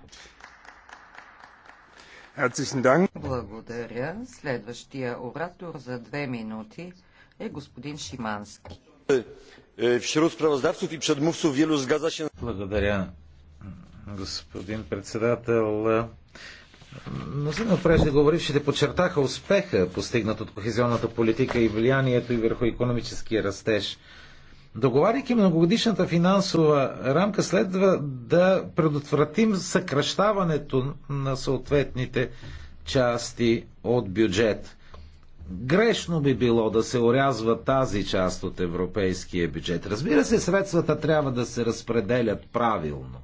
Благодаря. Следващия оратор за две минути е господин Шимански. Wśród sprawozdawców i przedmówców wielu zgadza Благодаря, господин председател. Мнозина прежде говорившите подчертаха успеха, постигнат от кохезионната политика и влиянието и върху економическия растеж – Договаряйки многогодишната финансова рамка, следва да предотвратим съкръщаването на съответните части от бюджет. Грешно би било да се орязва тази част от европейския бюджет. Разбира се, средствата трябва да се разпределят правилно,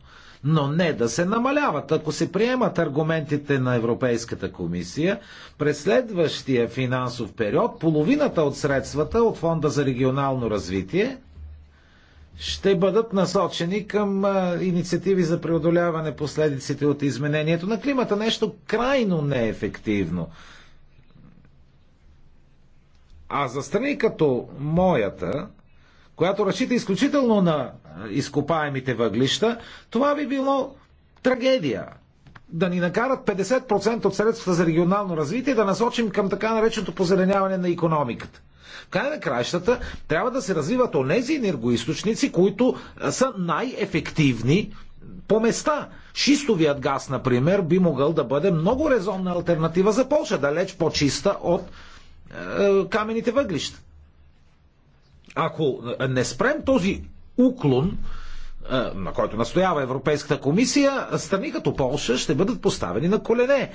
но не да се намаляват. Ако се приемат аргументите на Европейската комисия, през следващия финансов период половината от средствата от Фонда за регионално развитие ще бъдат насочени към инициативи за преодоляване последиците от изменението на климата. Нещо крайно неефективно. А за страни като моята, която разчита изключително на изкопаемите въглища, това би било трагедия. Да ни накарат 50% от средствата за регионално развитие да насочим към така нареченото позеленяване на економиката. В края на краищата трябва да се развиват онези енергоисточници, които са най-ефективни по места. Шистовият газ, например, би могъл да бъде много резонна альтернатива за Польша, далеч по-чиста от е, е камените въглища. Ако е, не спрем този уклон, е, на който настоява Европейската комисия, страни като Полша ще бъдат поставени на колене.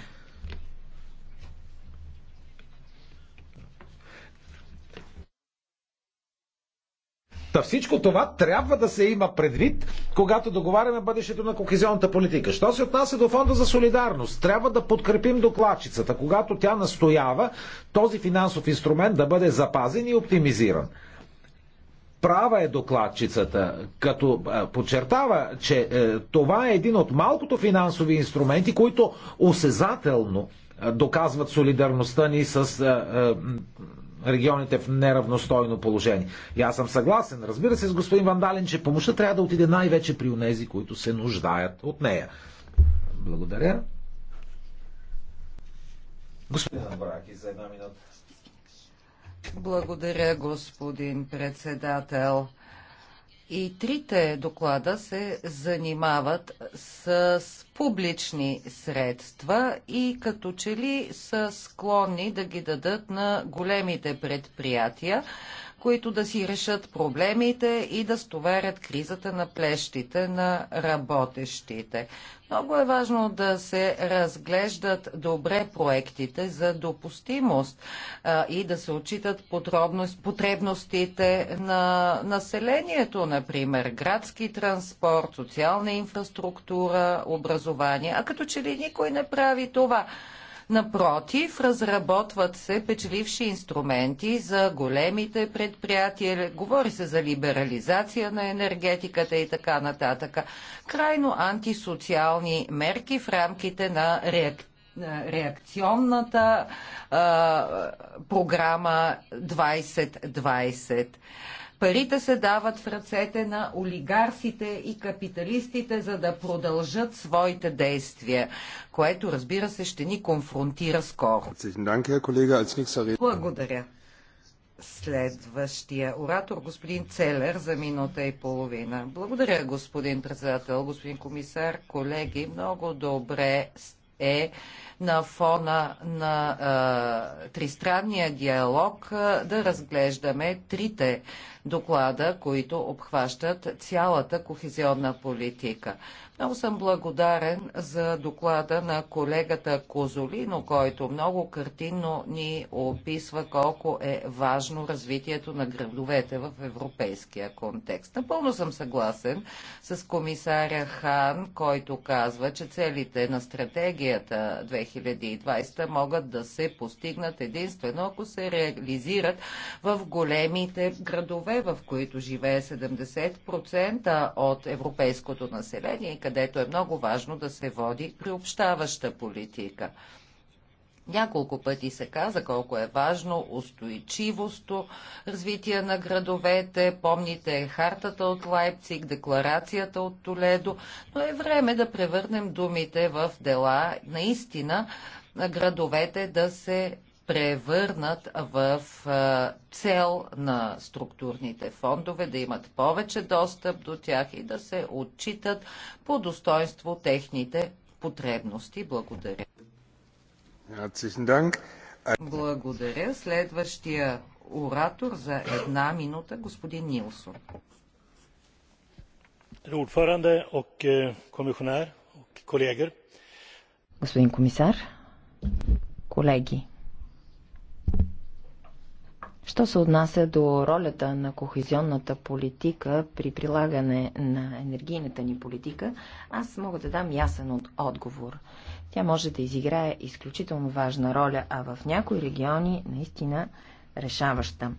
Та всичко това трябва да се има предвид, когато договаряме бъдещето на кохезионната политика. Що се отнася до фонда за солидарност? Трябва да подкрепим докладчицата, когато тя настоява този финансов инструмент да бъде запазен и оптимизиран. Права е докладчицата, като е, подчертава, че е, това е един от малкото финансови инструменти, които осезателно е, доказват солидарността ни с регионите в неравностойно положение. И аз съм съгласен, разбира се, с господин Вандален, че помощта трябва да отиде най-вече при онези, които се нуждаят от нея. Благодаря. Господин Абраки, за една минута. Благодаря, господин председател. И трите доклада се занимават с публични средства и като че ли са склонни да ги дадат на големите предприятия, които да си решат проблемите и да стоварят кризата на плещите на работещите. Много е важно да се разглеждат добре проектите за допустимост а, и да се отчитат потребностите на населението, например градски транспорт, социална инфраструктура, образование. А като че ли никой не прави това? Напротив, разработват се печеливши инструменти за големите предприятия. Говори се за либерализация на енергетиката и така нататък. Крайно антисоциални мерки в рамките на реактивността реакционната а, програма 2020. Парите се дават в ръцете на олигарсите и капиталистите, за да продължат своите действия, което разбира се ще ни конфронтира скоро. Благодаря. Следващия оратор, господин Целер, за минута и половина. Благодаря, господин председател, господин комисар, колеги. Много добре е на фона на а, тристранния диалог а, да разглеждаме трите доклада, които обхващат цялата кохезионна политика. Много съм благодарен за доклада на колегата Козолино, който много картинно ни описва колко е важно развитието на градовете в европейския контекст. Напълно съм съгласен с комисаря Хан, който казва, че целите на стратегията 2020 могат да се постигнат единствено, ако се реализират в големите градове, в които живее 70% от европейското население, къде където е много важно да се води приобщаваща политика. Няколко пъти се каза колко е важно устойчивото развитие на градовете. Помните хартата от Лайпциг, декларацията от Толедо, но е време да превърнем думите в дела. Наистина градовете да се превърнат в цел на структурните фондове, да имат повече достъп до тях и да се отчитат по достоинство техните потребности. Благодаря. Благодаря. Следващия оратор за една минута, господин Нилсон. Eh, господин комисар, колеги, Що се отнася до ролята на кохезионната политика при прилагане на енергийната ни политика, аз мога да дам ясен отговор. Тя може да изиграе изключително важна роля, а в някои региони наистина решаваща.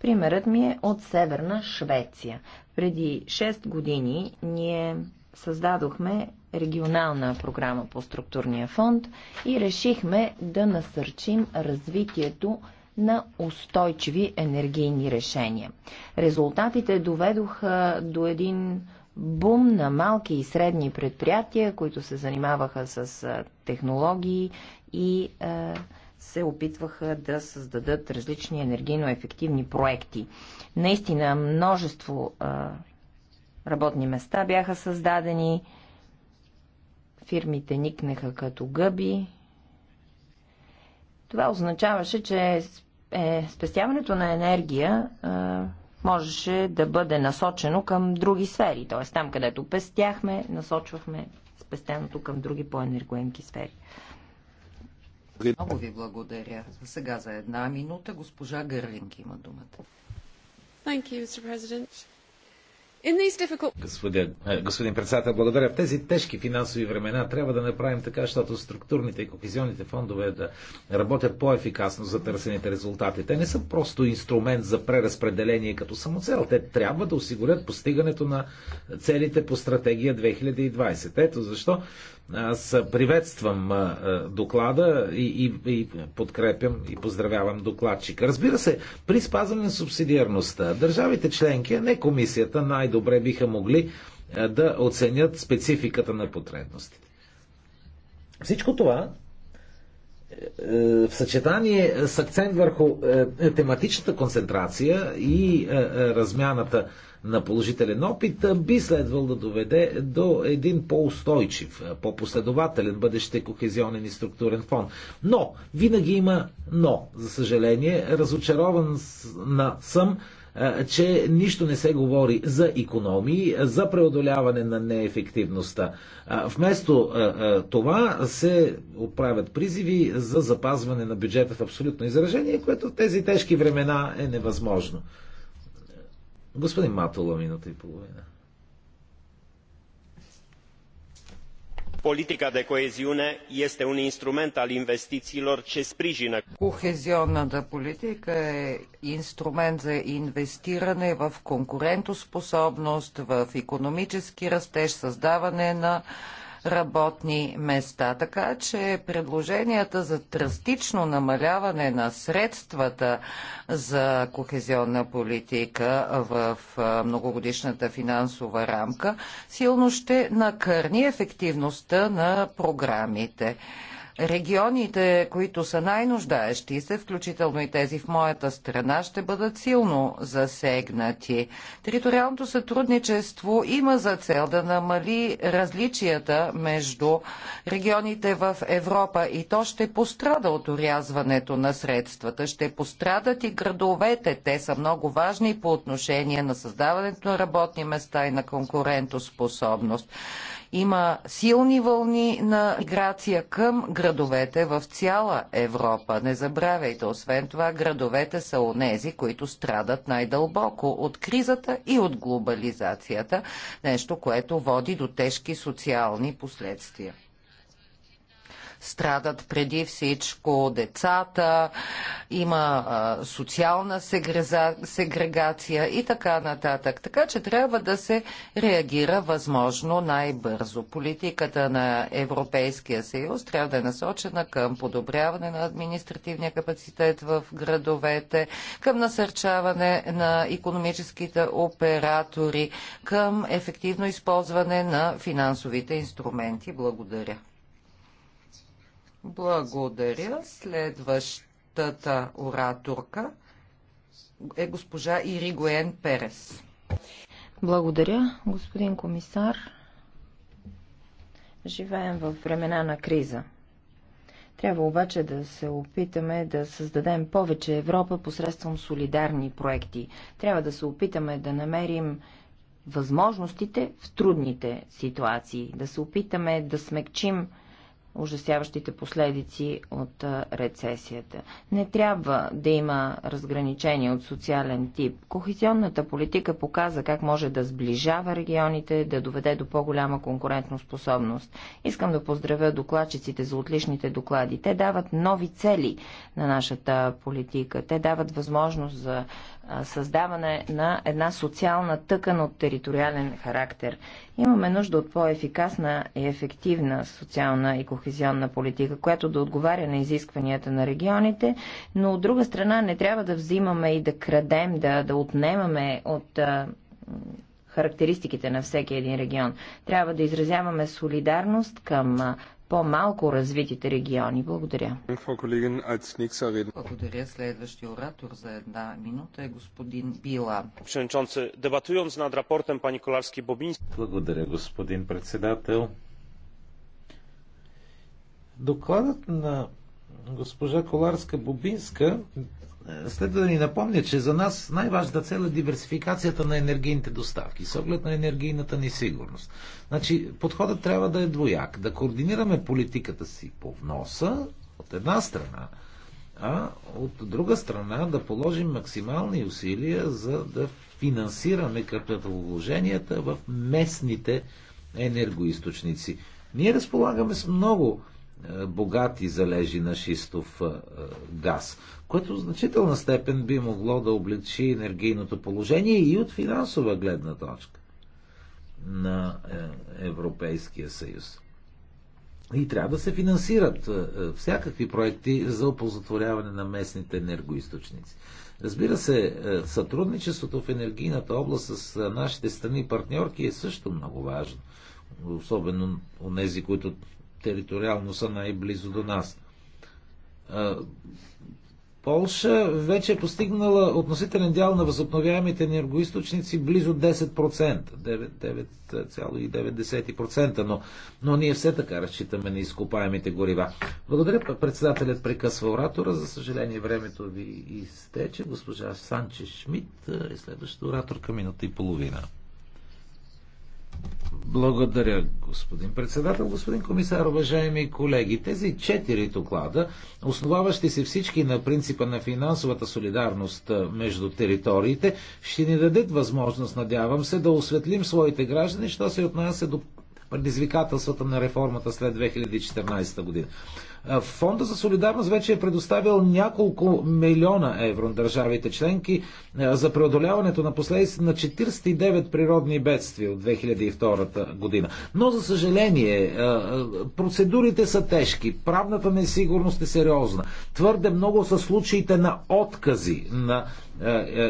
Примерът ми е от Северна Швеция. Преди 6 години ние създадохме регионална програма по структурния фонд и решихме да насърчим развитието на устойчиви енергийни решения. Резултатите доведоха до един бум на малки и средни предприятия, които се занимаваха с технологии и е, се опитваха да създадат различни енергийно ефективни проекти. Наистина множество е, работни места бяха създадени, фирмите никнеха като гъби. Това означаваше, че е, спестяването на енергия е, можеше да бъде насочено към други сфери. Т.е. там, където пестяхме, насочвахме спестеното към други по-енергоемки сфери. Много ви благодаря. За сега за една минута госпожа Гърлинг има думата. Thank you, Mr. President. Господин, е, господин председател, благодаря. В тези тежки финансови времена трябва да направим така, защото структурните и кохезионните фондове да работят по-ефикасно за търсените резултати. Те не са просто инструмент за преразпределение като самоцел. Те трябва да осигурят постигането на целите по стратегия 2020. Ето защо аз приветствам доклада и, и, и подкрепям и поздравявам докладчика. Разбира се, при спазване на субсидиарността, държавите членки, а не комисията, най-добре биха могли да оценят спецификата на потребностите. Всичко това е, е, в съчетание с акцент върху е, тематичната концентрация и размяната на положителен опит, би следвал да доведе до един по-устойчив, по-последователен бъдеще кохезионен и структурен фонд. Но, винаги има но, за съжаление. Разочарован съм, че нищо не се говори за економии, за преодоляване на неефективността. Вместо това се отправят призиви за запазване на бюджета в абсолютно изражение, което в тези тежки времена е невъзможно. Господин Матола, минута и половина. Политика де coeziune este un instrument al investițiilor ce sprijină. Кохезионната политика е инструмент за инвестиране в конкурентоспособност, в економически растеж, създаване на работни места. Така че предложенията за драстично намаляване на средствата за кохезионна политика в многогодишната финансова рамка силно ще накърни ефективността на програмите регионите, които са най-нуждаещи се, включително и тези в моята страна, ще бъдат силно засегнати. Териториалното сътрудничество има за цел да намали различията между регионите в Европа и то ще пострада от урязването на средствата. Ще пострадат и градовете. Те са много важни по отношение на създаването на работни места и на конкурентоспособност. Има силни вълни на миграция към градовете в цяла Европа. Не забравяйте, освен това, градовете са онези, които страдат най-дълбоко от кризата и от глобализацията. Нещо, което води до тежки социални последствия. Страдат преди всичко децата, има а, социална сегреза, сегрегация и така нататък. Така че трябва да се реагира възможно най-бързо. Политиката на Европейския съюз трябва да е насочена към подобряване на административния капацитет в градовете, към насърчаване на економическите оператори, към ефективно използване на финансовите инструменти. Благодаря. Благодаря. Следващата ораторка е госпожа Иригоен Перес. Благодаря, господин комисар. Живеем в времена на криза. Трябва обаче да се опитаме да създадем повече Европа посредством солидарни проекти. Трябва да се опитаме да намерим възможностите в трудните ситуации, да се опитаме да смекчим ужасяващите последици от рецесията. Не трябва да има разграничение от социален тип. Кохезионната политика показа как може да сближава регионите, да доведе до по-голяма конкурентноспособност. Искам да поздравя докладчиците за отличните доклади. Те дават нови цели на нашата политика. Те дават възможност за създаване на една социална тъкан от териториален характер. Имаме нужда от по-ефикасна и ефективна социална и кохезионна политика, която да отговаря на изискванията на регионите, но от друга страна не трябва да взимаме и да крадем, да, да отнемаме от а, характеристиките на всеки един регион. Трябва да изразяваме солидарност към по-малко развитите региони. Благодаря. Благодаря. Следващия оратор за една минута е господин Била. дебатуем над пани Коларски Бобински. Благодаря, господин председател. Докладът на госпожа Коларска-Бобинска Следва да ни напомня, че за нас най-важната цел е диверсификацията на енергийните доставки с оглед на енергийната ни сигурност. Значи, подходът трябва да е двояк. Да координираме политиката си по вноса, от една страна, а от друга страна да положим максимални усилия за да финансираме капиталовложенията в местните енергоисточници. Ние разполагаме с много е, богати залежи на шистов е, е, газ което в значителна степен би могло да облегчи енергийното положение и от финансова гледна точка на е, Европейския съюз. И трябва да се финансират е, е, всякакви проекти за опозотворяване на местните енергоисточници. Разбира се, сътрудничеството в енергийната област с нашите страни партньорки е също много важно. Особено у нези, които териториално са най-близо до нас. Полша вече е постигнала относителен дял на възобновяемите енергоисточници близо 10%, 9,9%, но, но ние все така разчитаме на изкопаемите горива. Благодаря, председателят прекъсва оратора. За съжаление, времето ви изтече. Госпожа Санче Шмидт е следващата ораторка, минута и половина. Благодаря, господин председател, господин комисар, уважаеми колеги. Тези четири доклада, основаващи се всички на принципа на финансовата солидарност между териториите, ще ни дадат възможност, надявам се, да осветлим своите граждани, що се отнася до предизвикателствата на реформата след 2014 година. Фонда за солидарност вече е предоставил няколко милиона евро на държавите членки за преодоляването на последиците на 49 природни бедствия от 2002 година. Но, за съжаление, процедурите са тежки, правната несигурност е сериозна. Твърде много са случаите на откази на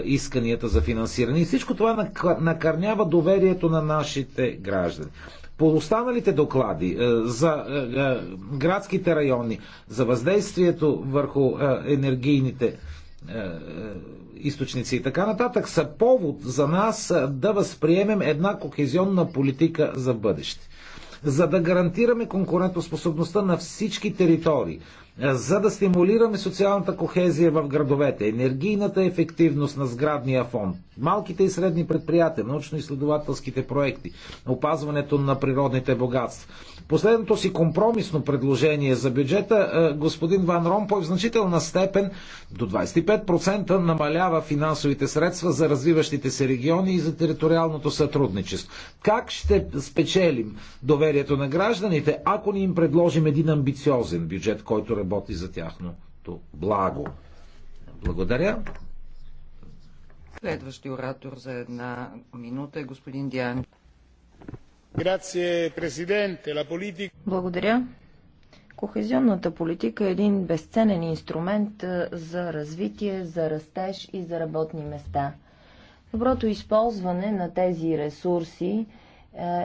исканията за финансиране. И всичко това накърнява доверието на нашите граждани. По останалите доклади е, за е, е, градските райони, за въздействието върху енергийните източници и така нататък са повод за нас да възприемем една кохезионна политика за бъдеще. За да гарантираме конкурентоспособността на всички територии, е, за да стимулираме социалната кохезия в градовете, енергийната ефективност на сградния фонд, малките и средни предприятия, научно-изследователските проекти, опазването на природните богатства. Последното си компромисно предложение за бюджета е, господин Ван Ромпой в значителна степен до 25% намалява финансовите средства за развиващите се региони и за териториалното сътрудничество. Как ще спечелим доверието на гражданите, ако ни им предложим един амбициозен бюджет, който работи за тяхното благо. Благодаря. Следващи оратор за една минута е господин Диан. Благодаря. Кохезионната политика е един безценен инструмент за развитие, за растеж и за работни места. Доброто използване на тези ресурси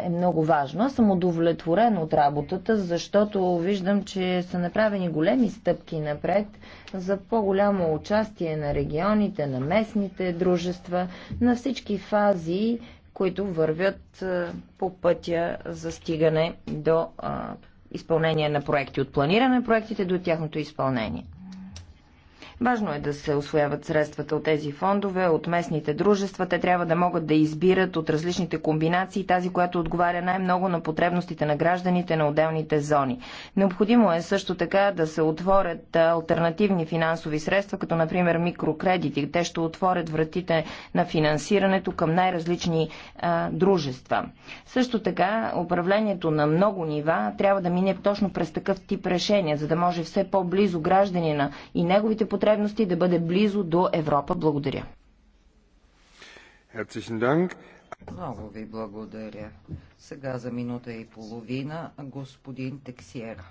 е много важно. Аз съм удовлетворен от работата, защото виждам, че са направени големи стъпки напред за по-голямо участие на регионите, на местните дружества, на всички фази, които вървят е, по пътя за стигане до е, изпълнение на проекти, от планиране на проектите до тяхното изпълнение. Важно е да се освояват средствата от тези фондове, от местните дружества. Те трябва да могат да избират от различните комбинации тази, която отговаря най-много на потребностите на гражданите на отделните зони. Необходимо е също така да се отворят альтернативни финансови средства, като например микрокредити. Те ще отворят вратите на финансирането към най-различни дружества. Също така, управлението на много нива трябва да мине точно през такъв тип решения, за да може все по-близо гражданина и неговите потребности потребности, да бъде близо до Европа. Благодаря. Много ви благодаря. Сега за минута и половина господин Тексиера.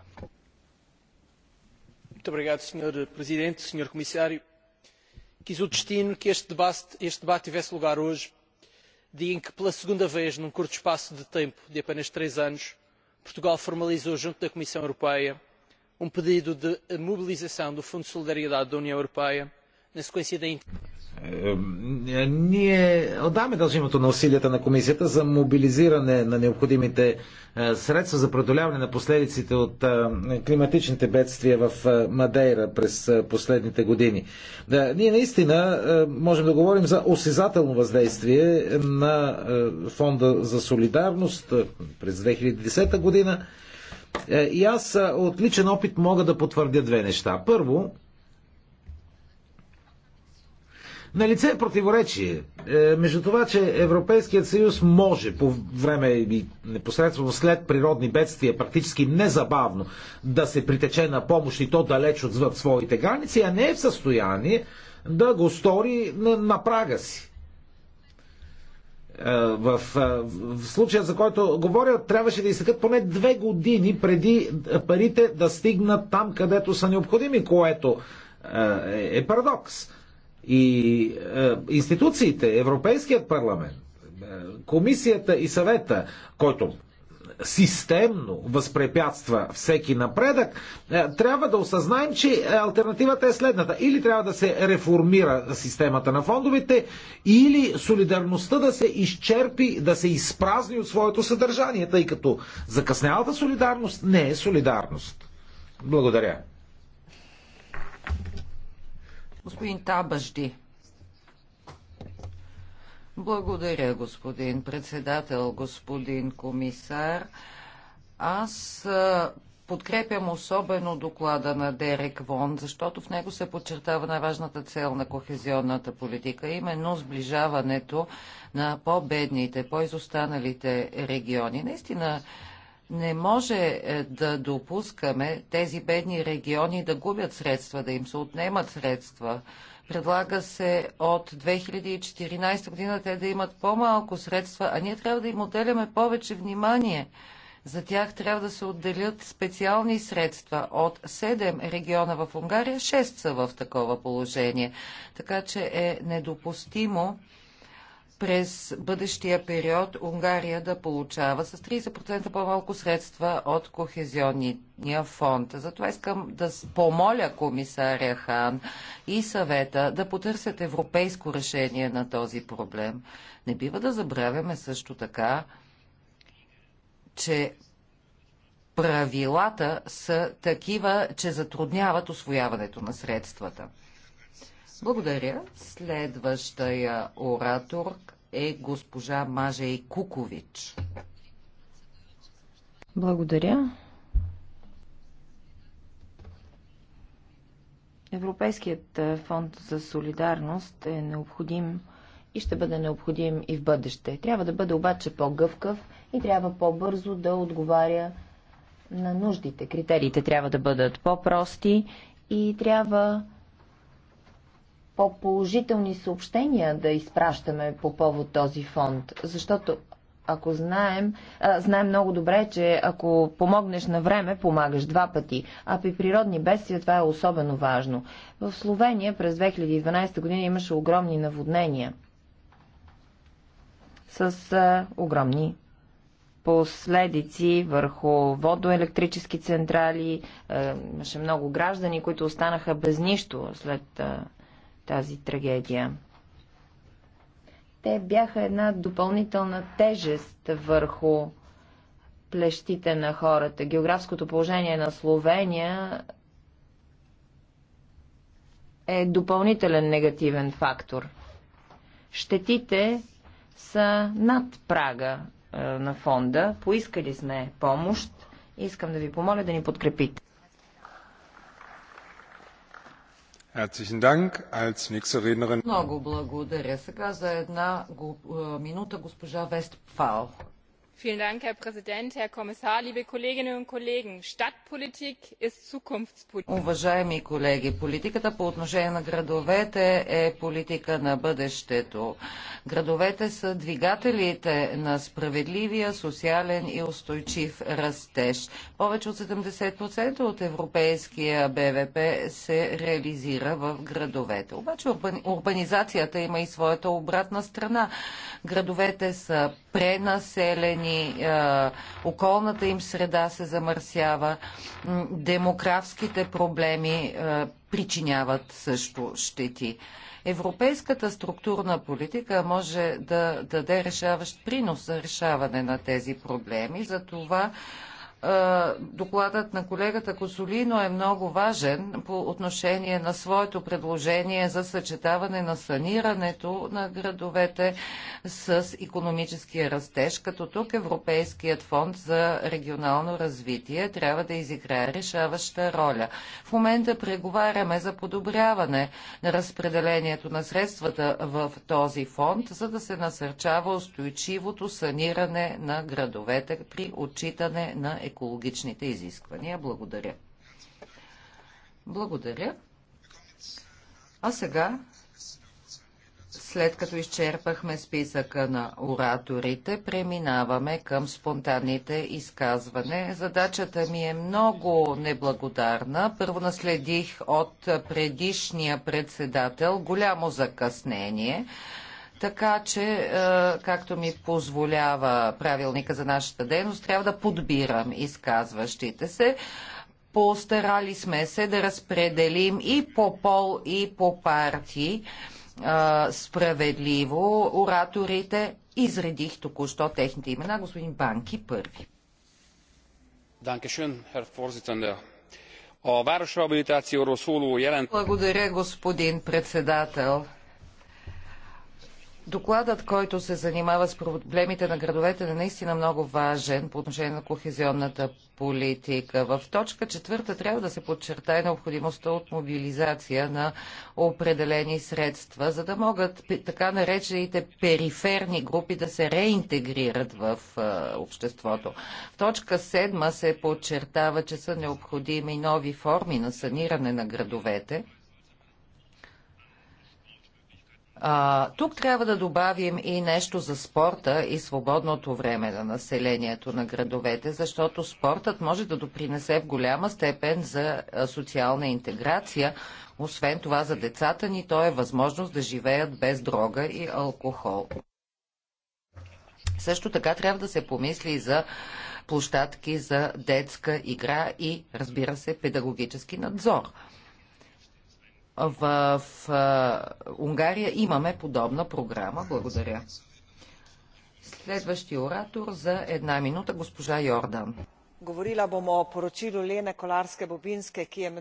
Muito obrigado, Sr. Presidente, Sr. Comissário. Quis o destino que este debate, este debate tivesse lugar hoje, dia em que, pela segunda vez, num curto espaço de tempo de apenas três anos, Portugal formalizou junto da Comissão Europeia um pedido de mobilização do Fundo de Solidariedade da União Europeia на sequência да е, ние отдаваме дължимото на усилията на комисията за мобилизиране на необходимите е, средства за преодоляване на последиците от е, климатичните бедствия в Мадейра през последните години. Да, ние наистина можем да говорим за осезателно въздействие на Фонда за солидарност през 2010 година е, и аз е, от личен опит мога да потвърдя две неща. Първо, на лице е противоречие е, между това, че Европейският съюз може по време и непосредствено след природни бедствия, практически незабавно, да се притече на помощ и то далеч отвъд своите граници, а не е в състояние да го стори на, на прага си. Е, в, е, в случая, за който говоря, трябваше да изтекат поне две години преди парите да стигнат там, където са необходими, което е, е парадокс. И е, институциите, Европейският парламент, комисията и съвета, който системно възпрепятства всеки напредък, е, трябва да осъзнаем, че альтернативата е следната. Или трябва да се реформира системата на фондовете, или солидарността да се изчерпи, да се изпразни от своето съдържание, тъй като закъснялата солидарност не е солидарност. Благодаря. Господин Табажди. Благодаря, господин председател, господин комисар. Аз подкрепям особено доклада на Дерек Вон, защото в него се подчертава най-важната цел на кохезионната политика, именно сближаването на по-бедните, по-изостаналите региони. Наистина, не може е, да допускаме тези бедни региони да губят средства, да им се отнемат средства. Предлага се от 2014 година те да имат по-малко средства, а ние трябва да им отделяме повече внимание. За тях трябва да се отделят специални средства. От 7 региона в Унгария, 6 са в такова положение. Така че е недопустимо през бъдещия период Унгария да получава с 30% по-малко средства от Кохезионния фонд. Затова искам да помоля комисаря Хан и съвета да потърсят европейско решение на този проблем. Не бива да забравяме също така, че правилата са такива, че затрудняват освояването на средствата. Благодаря. Следващия оратор е госпожа Мажей Кукович. Благодаря. Европейският е, фонд за солидарност е необходим и ще бъде необходим и в бъдеще. Трябва да бъде обаче по-гъвкав и трябва по-бързо да отговаря на нуждите. Критериите трябва да бъдат по-прости и трябва по-положителни съобщения да изпращаме по повод този фонд, защото ако знаем, а, знаем много добре, че ако помогнеш на време, помагаш два пъти, а при природни бедствия това е особено важно. В Словения през 2012 година имаше огромни наводнения с а, огромни последици върху водоелектрически централи. Е, имаше много граждани, които останаха без нищо след тази трагедия. Те бяха една допълнителна тежест върху плещите на хората. Географското положение на Словения е допълнителен негативен фактор. Щетите са над прага е, на фонда. Поискали сме помощ. Искам да ви помоля да ни подкрепите. Много благодаря. Сега за една минута госпожа Вестфал herr präsident herr kommissar liebe kolleginnen und kollegen! stadtpolitik ist zukunftspolitik. уважаеми колеги политиката по отношение на градовете е политика на бъдещето. градовете са двигателите на справедливия социален и устойчив растеж. повече от 70% от европейския бвп се реализира в градовете. обаче урбанизацията има и своята обратна страна. градовете са пренаселени страни, е, околната им среда се замърсява, демографските проблеми е, причиняват също щети. Европейската структурна политика може да даде решаващ принос за решаване на тези проблеми. Затова е, докладът на колегата Косолино е много важен по отношение на своето предложение за съчетаване на санирането на градовете с економическия растеж, като тук Европейският фонд за регионално развитие трябва да изиграе решаваща роля. В момента преговаряме за подобряване на разпределението на средствата в този фонд, за да се насърчава устойчивото саниране на градовете при отчитане на економическия екологичните изисквания. Благодаря. Благодаря. А сега, след като изчерпахме списъка на ораторите, преминаваме към спонтанните изказване. Задачата ми е много неблагодарна. Първо наследих от предишния председател голямо закъснение. Така че, е, както ми позволява правилника за нашата дейност, трябва да подбирам изказващите се. Постарали сме се да разпределим и по пол, и по партии е, справедливо ораторите. Изредих току-що техните имена. Господин Банки първи. Благодаря, господин председател. Докладът, който се занимава с проблемите на градовете, е наистина много важен по отношение на кохезионната политика. В точка четвърта трябва да се подчертае необходимостта от мобилизация на определени средства, за да могат така наречените периферни групи да се реинтегрират в обществото. В точка седма се подчертава, че са необходими нови форми на саниране на градовете – а, тук трябва да добавим и нещо за спорта и свободното време на населението на градовете, защото спортът може да допринесе в голяма степен за социална интеграция. Освен това за децата ни то е възможност да живеят без дрога и алкохол. Също така трябва да се помисли и за площадки за детска игра и, разбира се, педагогически надзор в Унгария имаме подобна програма. Благодаря. Следващия оратор за една минута, госпожа Йордан. Говорила бом о поручилу Лене Коларске Бобинске, ки е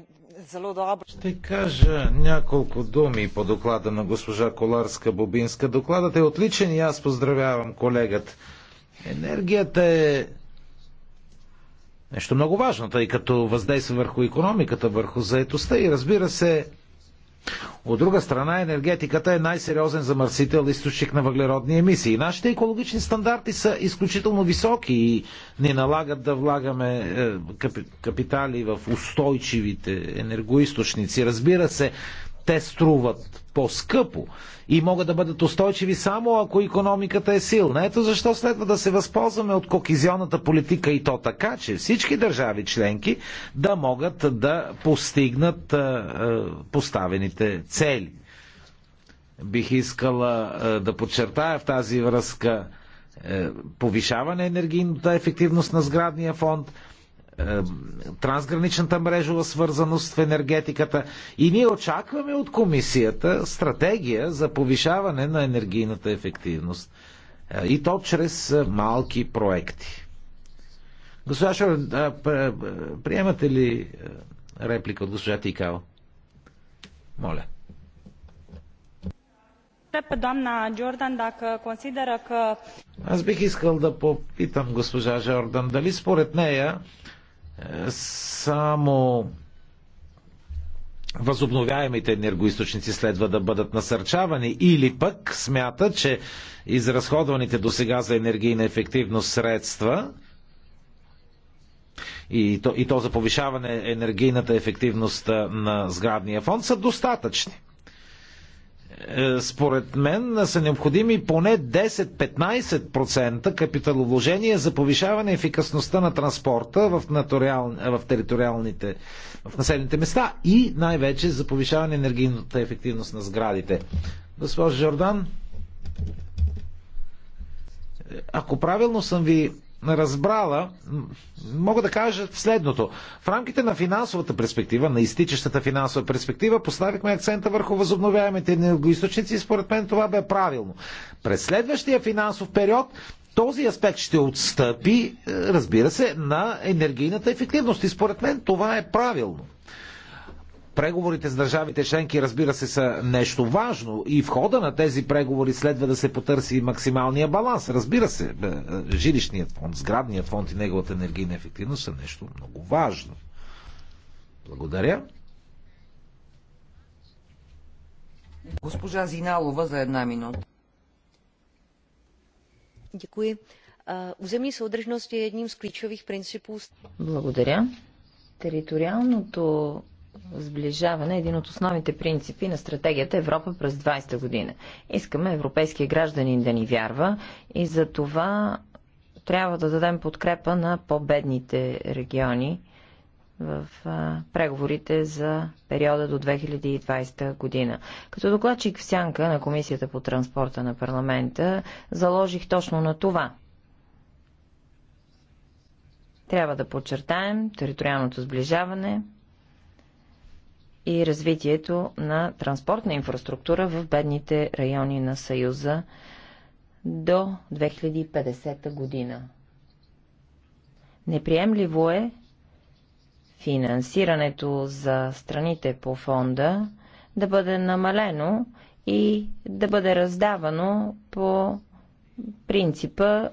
зало добро. Ще кажа няколко думи по доклада на госпожа Коларска Бобинска. Докладът е отличен и аз поздравявам колегата. Енергията е нещо много важно, тъй като въздейства върху економиката, върху заетостта и разбира се, от друга страна, енергетиката е най-сериозен замърсител източник на въглеродни емисии. Нашите екологични стандарти са изключително високи и ни налагат да влагаме е, капитали в устойчивите енергоисточници. Разбира се, те струват по-скъпо и могат да бъдат устойчиви само ако економиката е силна. Ето защо следва да се възползваме от кокизионната политика и то така, че всички държави членки да могат да постигнат поставените цели. Бих искала да подчертая в тази връзка е, повишаване енергийната ефективност на сградния фонд – е, трансграничната мрежова свързаност в енергетиката. И ние очакваме от комисията стратегия за повишаване на енергийната ефективност. Е, и то чрез е, малки проекти. Госпожа Шор, приемате ли реплика от госпожа Тикао? Моля. Аз бих искал да попитам госпожа Жордан дали според нея само възобновяемите енергоисточници следва да бъдат насърчавани или пък смята, че изразходваните до сега за енергийна ефективност средства и то, и то за повишаване енергийната ефективност на сградния фонд са достатъчни. Е, според мен са необходими поне 10-15% капиталовложения за повишаване ефикасността на транспорта в, натуриал... в териториалните, в населените места и най-вече за повишаване енергийната ефективност на сградите. Госпожо Жордан, е, ако правилно съм ви разбрала, мога да кажа следното. В рамките на финансовата перспектива, на изтичащата финансова перспектива, поставихме акцента върху възобновяемите енергоисточници и според мен това бе правилно. През следващия финансов период този аспект ще отстъпи, е, разбира се, на енергийната ефективност и според мен това е правилно. Преговорите с държавите членки, разбира се, са нещо важно и в хода на тези преговори следва да се потърси максималния баланс. Разбира се, е, жилищният фонд, сградният фонд и неговата енергийна ефективност са нещо много важно. Благодаря. Госпожа Зиналова за една минута. Děkuji. Уземни soudržnost е jedním с ключових principů. Благодаря. Териториалното сближаване е един от основните принципи на стратегията Европа през 20-та година. Искаме европейския гражданин да ни вярва и за това трябва да дадем подкрепа на по-бедните региони в преговорите за периода до 2020 година. Като докладчик в сянка на Комисията по транспорта на парламента заложих точно на това. Трябва да подчертаем териториалното сближаване, и развитието на транспортна инфраструктура в бедните райони на Съюза до 2050 година. Неприемливо е финансирането за страните по фонда да бъде намалено и да бъде раздавано по принципа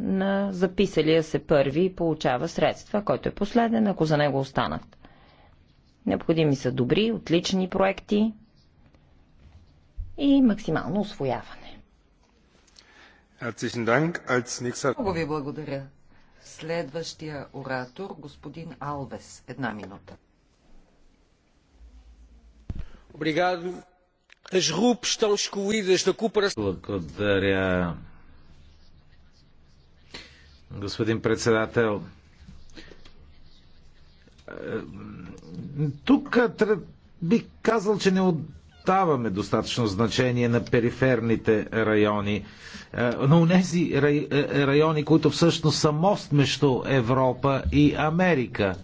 на записалия се първи и получава средства, който е последен, ако за него останат. Необходими са добри, отлични проекти и максимално освояване. Много ви благодаря. Следващия оратор, господин Алвес. Една минута. Obrigado. As RUP estão excluídas da cooperação. Благодаря. Господин председател, тук би казал, че не отдаваме достатъчно значение на периферните райони, на тези е, е, райони, които всъщност са мост между Европа и Америка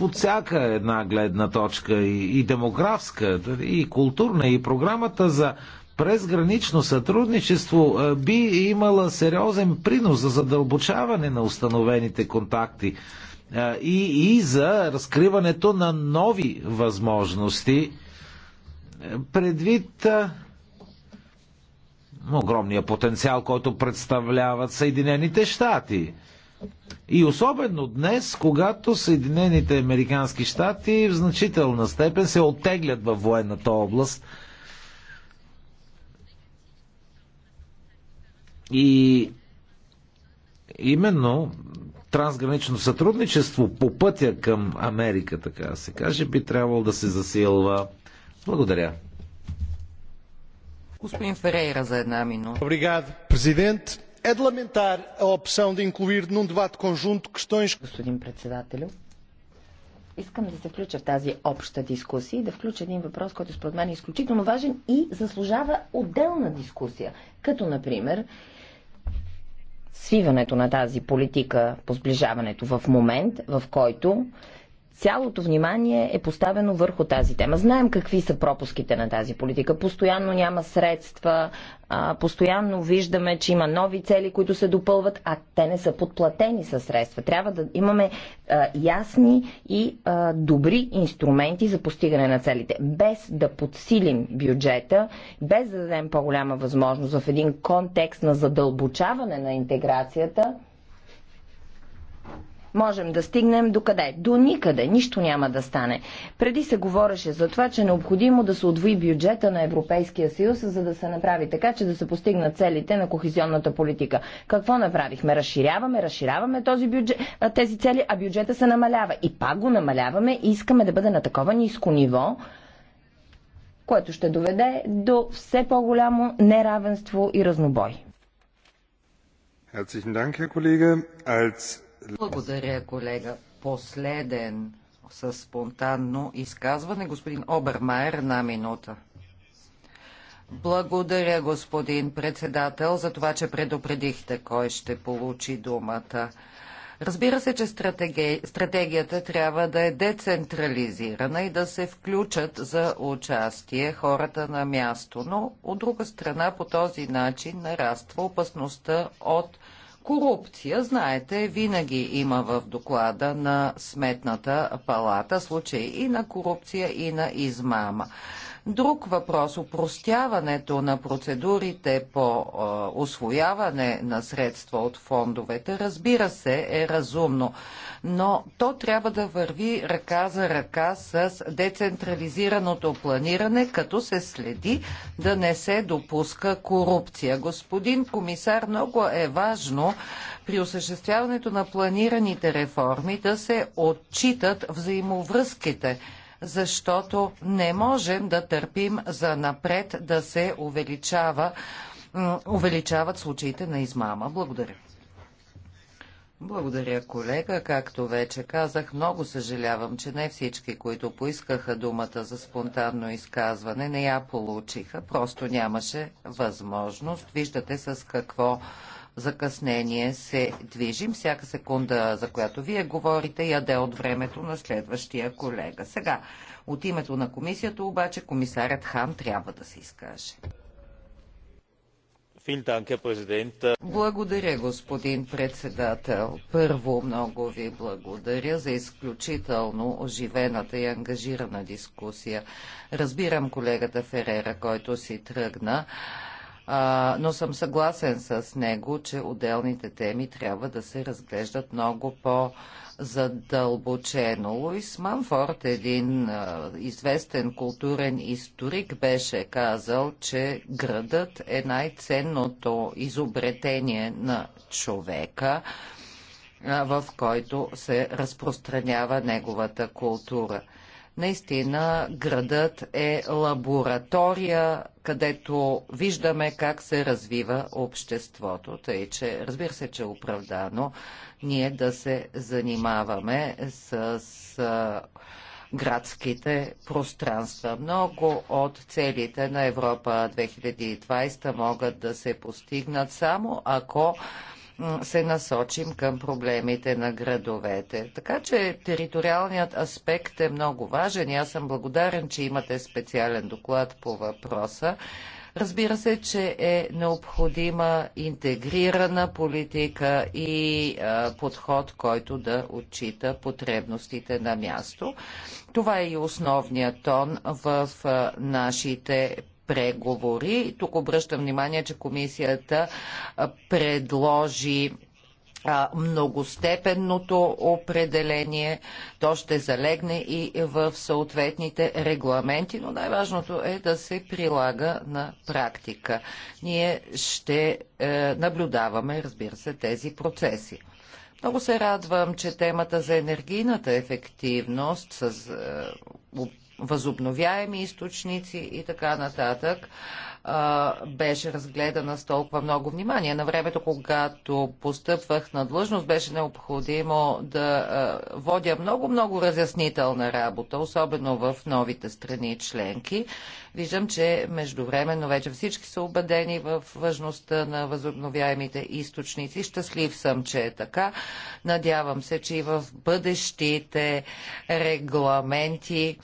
от всяка една гледна точка и, и демографска, и културна, и програмата за презгранично сътрудничество е, би имала сериозен принос за задълбочаване на установените контакти е, и, и за разкриването на нови възможности е, предвид огромния потенциал, който представляват Съединените щати. И особено днес, когато Съединените Американски щати в значителна степен се оттеглят във военната област – И именно трансгранично сътрудничество по пътя към Америка, така да се каже, би трябвало да се засилва. Благодаря. Господин Ферейра за една минута. Обригад, президент. Е de a opção de incluir num debate conjunto questões... Господин председателю, искам да се включа в тази обща дискусия и да включа един въпрос, който според мен е изключително важен и заслужава отделна дискусия. Като, например, свиването на тази политика по сближаването в момент, в който цялото внимание е поставено върху тази тема. Знаем какви са пропуските на тази политика. Постоянно няма средства, постоянно виждаме, че има нови цели, които се допълват, а те не са подплатени със средства. Трябва да имаме ясни и добри инструменти за постигане на целите. Без да подсилим бюджета, без да дадем по-голяма възможност в един контекст на задълбочаване на интеграцията, можем да стигнем до къде? До никъде. Нищо няма да стане. Преди се говореше за това, че е необходимо да се отвои бюджета на Европейския съюз, за да се направи така, че да се постигнат целите на кохезионната политика. Какво направихме? Разширяваме, разширяваме този бюджет, тези цели, а бюджета се намалява. И пак го намаляваме и искаме да бъде на такова ниско ниво, което ще доведе до все по-голямо неравенство и разнобой. Herzlichen Dank, Herr Kollege. Als благодаря, колега. Последен със спонтанно изказване. Господин Обермайер, на минута. Благодаря, господин председател, за това, че предупредихте кой ще получи думата. Разбира се, че стратеги... стратегията трябва да е децентрализирана и да се включат за участие хората на място, но от друга страна по този начин нараства опасността от Корупция, знаете, винаги има в доклада на Сметната палата случаи и на корупция, и на измама. Друг въпрос – упростяването на процедурите по освояване на средства от фондовете, разбира се, е разумно, но то трябва да върви ръка за ръка с децентрализираното планиране, като се следи да не се допуска корупция. Господин комисар, много е важно при осъществяването на планираните реформи да се отчитат взаимовръзките – защото не можем да търпим за напред да се увеличава, увеличават случаите на измама. Благодаря. Благодаря, колега. Както вече казах, много съжалявам, че не всички, които поискаха думата за спонтанно изказване, не я получиха. Просто нямаше възможност. Виждате с какво закъснение се движим. Всяка секунда, за която вие говорите, яде от времето на следващия колега. Сега, от името на комисията обаче, комисарят Хан трябва да се изкаже. Благодаря, господин председател. Първо много ви благодаря за изключително оживената и ангажирана дискусия. Разбирам колегата Ферера, който си тръгна а, но съм съгласен с него, че отделните теми трябва да се разглеждат много по-задълбочено. Луис Манфорд, един а, известен културен историк, беше казал, че градът е най-ценното изобретение на човека в който се разпространява неговата култура. Наистина градът е лаборатория, където виждаме как се развива обществото. Тъй, че разбира се, че е оправдано ние да се занимаваме с градските пространства. Много от целите на Европа 2020 могат да се постигнат само ако се насочим към проблемите на градовете. Така че териториалният аспект е много важен и аз съм благодарен, че имате специален доклад по въпроса. Разбира се, че е необходима интегрирана политика и а, подход, който да отчита потребностите на място. Това е и основният тон в а, нашите преговори. И тук обръщам внимание, че комисията предложи многостепенното определение. То ще залегне и в съответните регламенти, но най-важното е да се прилага на практика. Ние ще е, наблюдаваме, разбира се, тези процеси. Много се радвам, че темата за енергийната ефективност с е, възобновяеми източници и така нататък, беше разгледана с толкова много внимание. На времето, когато постъпвах на длъжност, беше необходимо да водя много-много разяснителна работа, особено в новите страни членки. Виждам, че междувременно вече всички са убедени в важността на възобновяемите източници. Щастлив съм, че е така. Надявам се, че и в бъдещите регламенти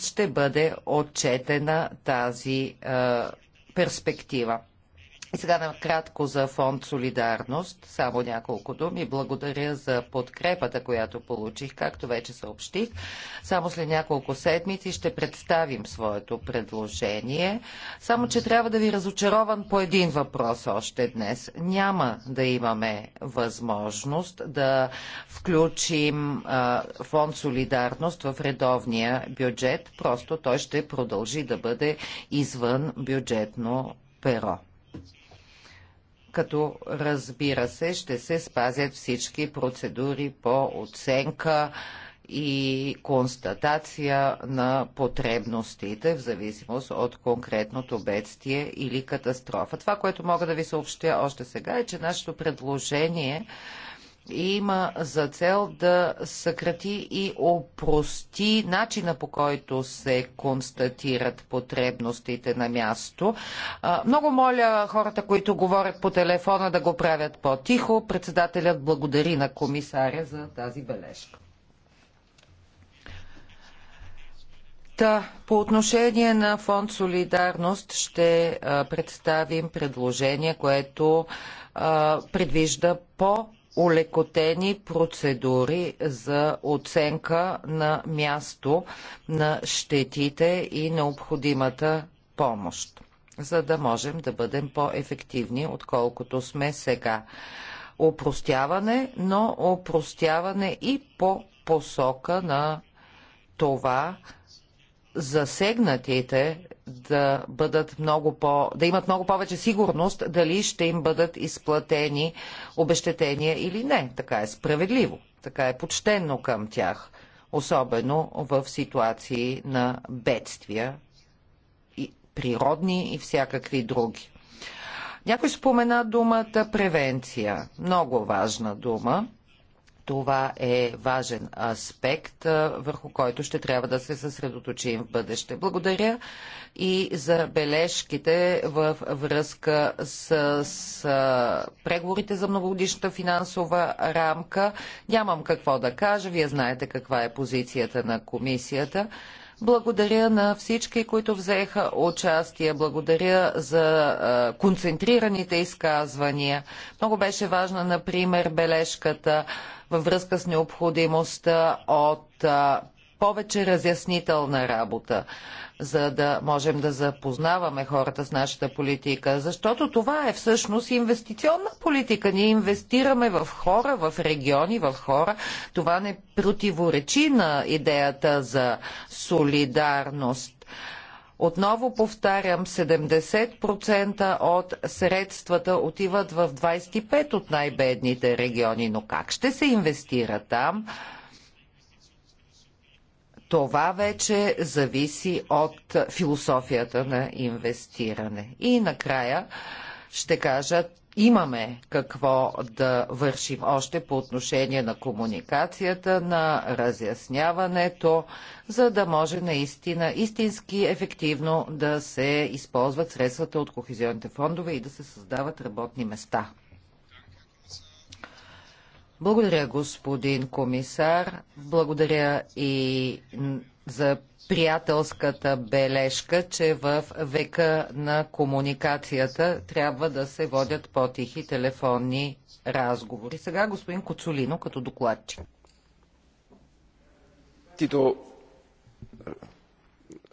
ще бъде отчетена тази перспектива. И сега накратко за фонд Солидарност. Само няколко думи. Благодаря за подкрепата, която получих, както вече съобщих. Само след няколко седмици ще представим своето предложение. Само, че трябва да ви разочарован по един въпрос още днес. Няма да имаме възможност да включим а, фонд Солидарност в редовния бюджет. Просто той ще продължи да бъде извън бюджетно перо като разбира се ще се спазят всички процедури по оценка и констатация на потребностите в зависимост от конкретното бедствие или катастрофа. Това, което мога да ви съобщя още сега е, че нашето предложение има за цел да съкрати и опрости начина по който се констатират потребностите на място. Много моля хората, които говорят по телефона, да го правят по-тихо. Председателят благодари на комисаря за тази бележка. по отношение на фонд Солидарност ще представим предложение, което предвижда по улекотени процедури за оценка на място на щетите и необходимата помощ, за да можем да бъдем по-ефективни, отколкото сме сега. Опростяване, но опростяване и по посока на това засегнатите да бъдат много по, да имат много повече сигурност дали ще им бъдат изплатени обещетения или не. Така е справедливо, така е почтенно към тях, особено в ситуации на бедствия, и природни и всякакви други. Някой спомена думата превенция. Много важна дума. Това е важен аспект, върху който ще трябва да се съсредоточим в бъдеще. Благодаря и за бележките в връзка с, с преговорите за многогодишната финансова рамка. Нямам какво да кажа. Вие знаете каква е позицията на комисията. Благодаря на всички, които взеха участие. Благодаря за концентрираните изказвания. Много беше важна, например, бележката във връзка с необходимостта от повече разяснителна работа, за да можем да запознаваме хората с нашата политика. Защото това е всъщност инвестиционна политика. Ние инвестираме в хора, в региони, в хора. Това не противоречи на идеята за солидарност. Отново повтарям, 70% от средствата отиват в 25 от най-бедните региони, но как ще се инвестира там? Това вече зависи от философията на инвестиране. И накрая ще кажа, имаме какво да вършим още по отношение на комуникацията, на разясняването, за да може наистина истински ефективно да се използват средствата от кохезионните фондове и да се създават работни места. Благодаря, господин комисар. Благодаря и за приятелската бележка, че в века на комуникацията трябва да се водят по-тихи телефонни разговори. Сега господин Коцулино като докладчик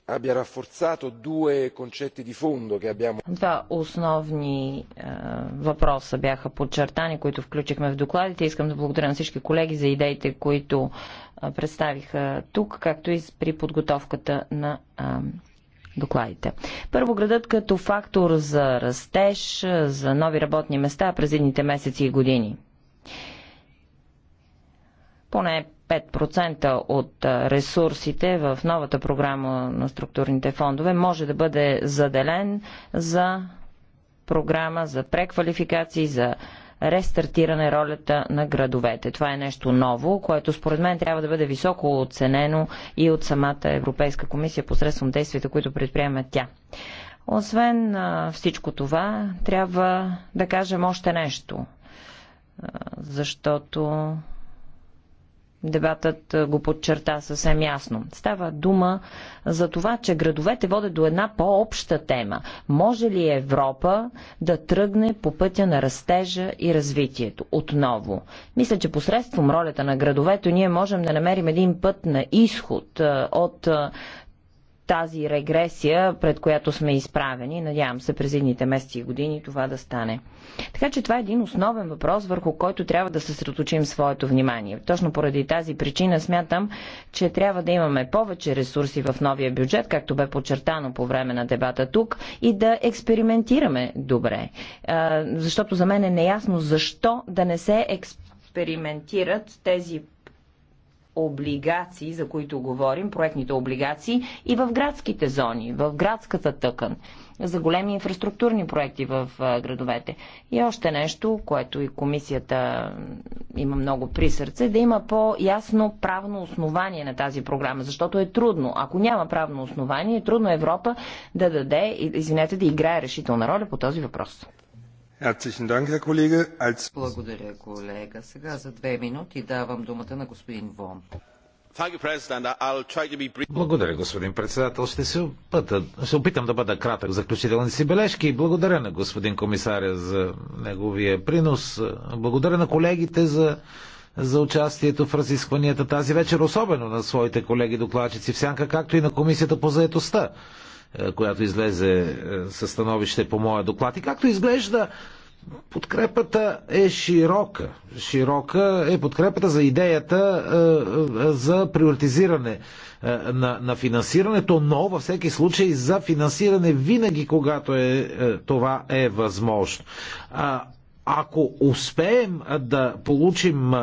abbia rafforzato due concetti di fondo che abbiamo. Два основни е, въпроса бяха подчертани, които включихме в докладите. Искам да благодаря на всички колеги за идеите, които е, представиха тук, както и при подготовката на е, докладите. Първо, градът като фактор за растеж, е, за нови работни места през едните месеци и години. Поне 5% от ресурсите в новата програма на структурните фондове може да бъде заделен за програма за преквалификации, за рестартиране ролята на градовете. Това е нещо ново, което според мен трябва да бъде високо оценено и от самата Европейска комисия посредством действията, които предприема тя. Освен всичко това, трябва да кажем още нещо, защото Дебатът го подчерта съвсем ясно. Става дума за това, че градовете водят до една по-обща тема. Може ли Европа да тръгне по пътя на растежа и развитието отново? Мисля, че посредством ролята на градовето ние можем да намерим един път на изход от тази регресия, пред която сме изправени. Надявам се през едните месеци и години това да стане. Така че това е един основен въпрос, върху който трябва да съсредоточим своето внимание. Точно поради тази причина смятам, че трябва да имаме повече ресурси в новия бюджет, както бе подчертано по време на дебата тук, и да експериментираме добре. Защото за мен е неясно защо да не се експериментират тези облигации, за които говорим, проектните облигации и в градските зони, в градската тъкан, за големи инфраструктурни проекти в градовете. И още нещо, което и комисията има много при сърце, да има по-ясно правно основание на тази програма, защото е трудно. Ако няма правно основание, е трудно Европа да даде, извинете, да играе решителна роля по този въпрос. Благодаря, колега. Сега за две минути давам думата на господин Вон. Благодаря, господин председател. Ще се, опъта, ще опитам да бъда кратък в заключителни си бележки. Благодаря на господин комисаря за неговия принос. Благодаря на колегите за за участието в разискванията тази вечер, особено на своите колеги докладчици в Сянка, както и на Комисията по заетостта. Е, която излезе е, със становище по моя доклад. И както изглежда, подкрепата е широка. Широка е подкрепата за идеята е, за приоритизиране на, на финансирането, но във всеки случай за финансиране винаги, когато е, това е възможно ако успеем да получим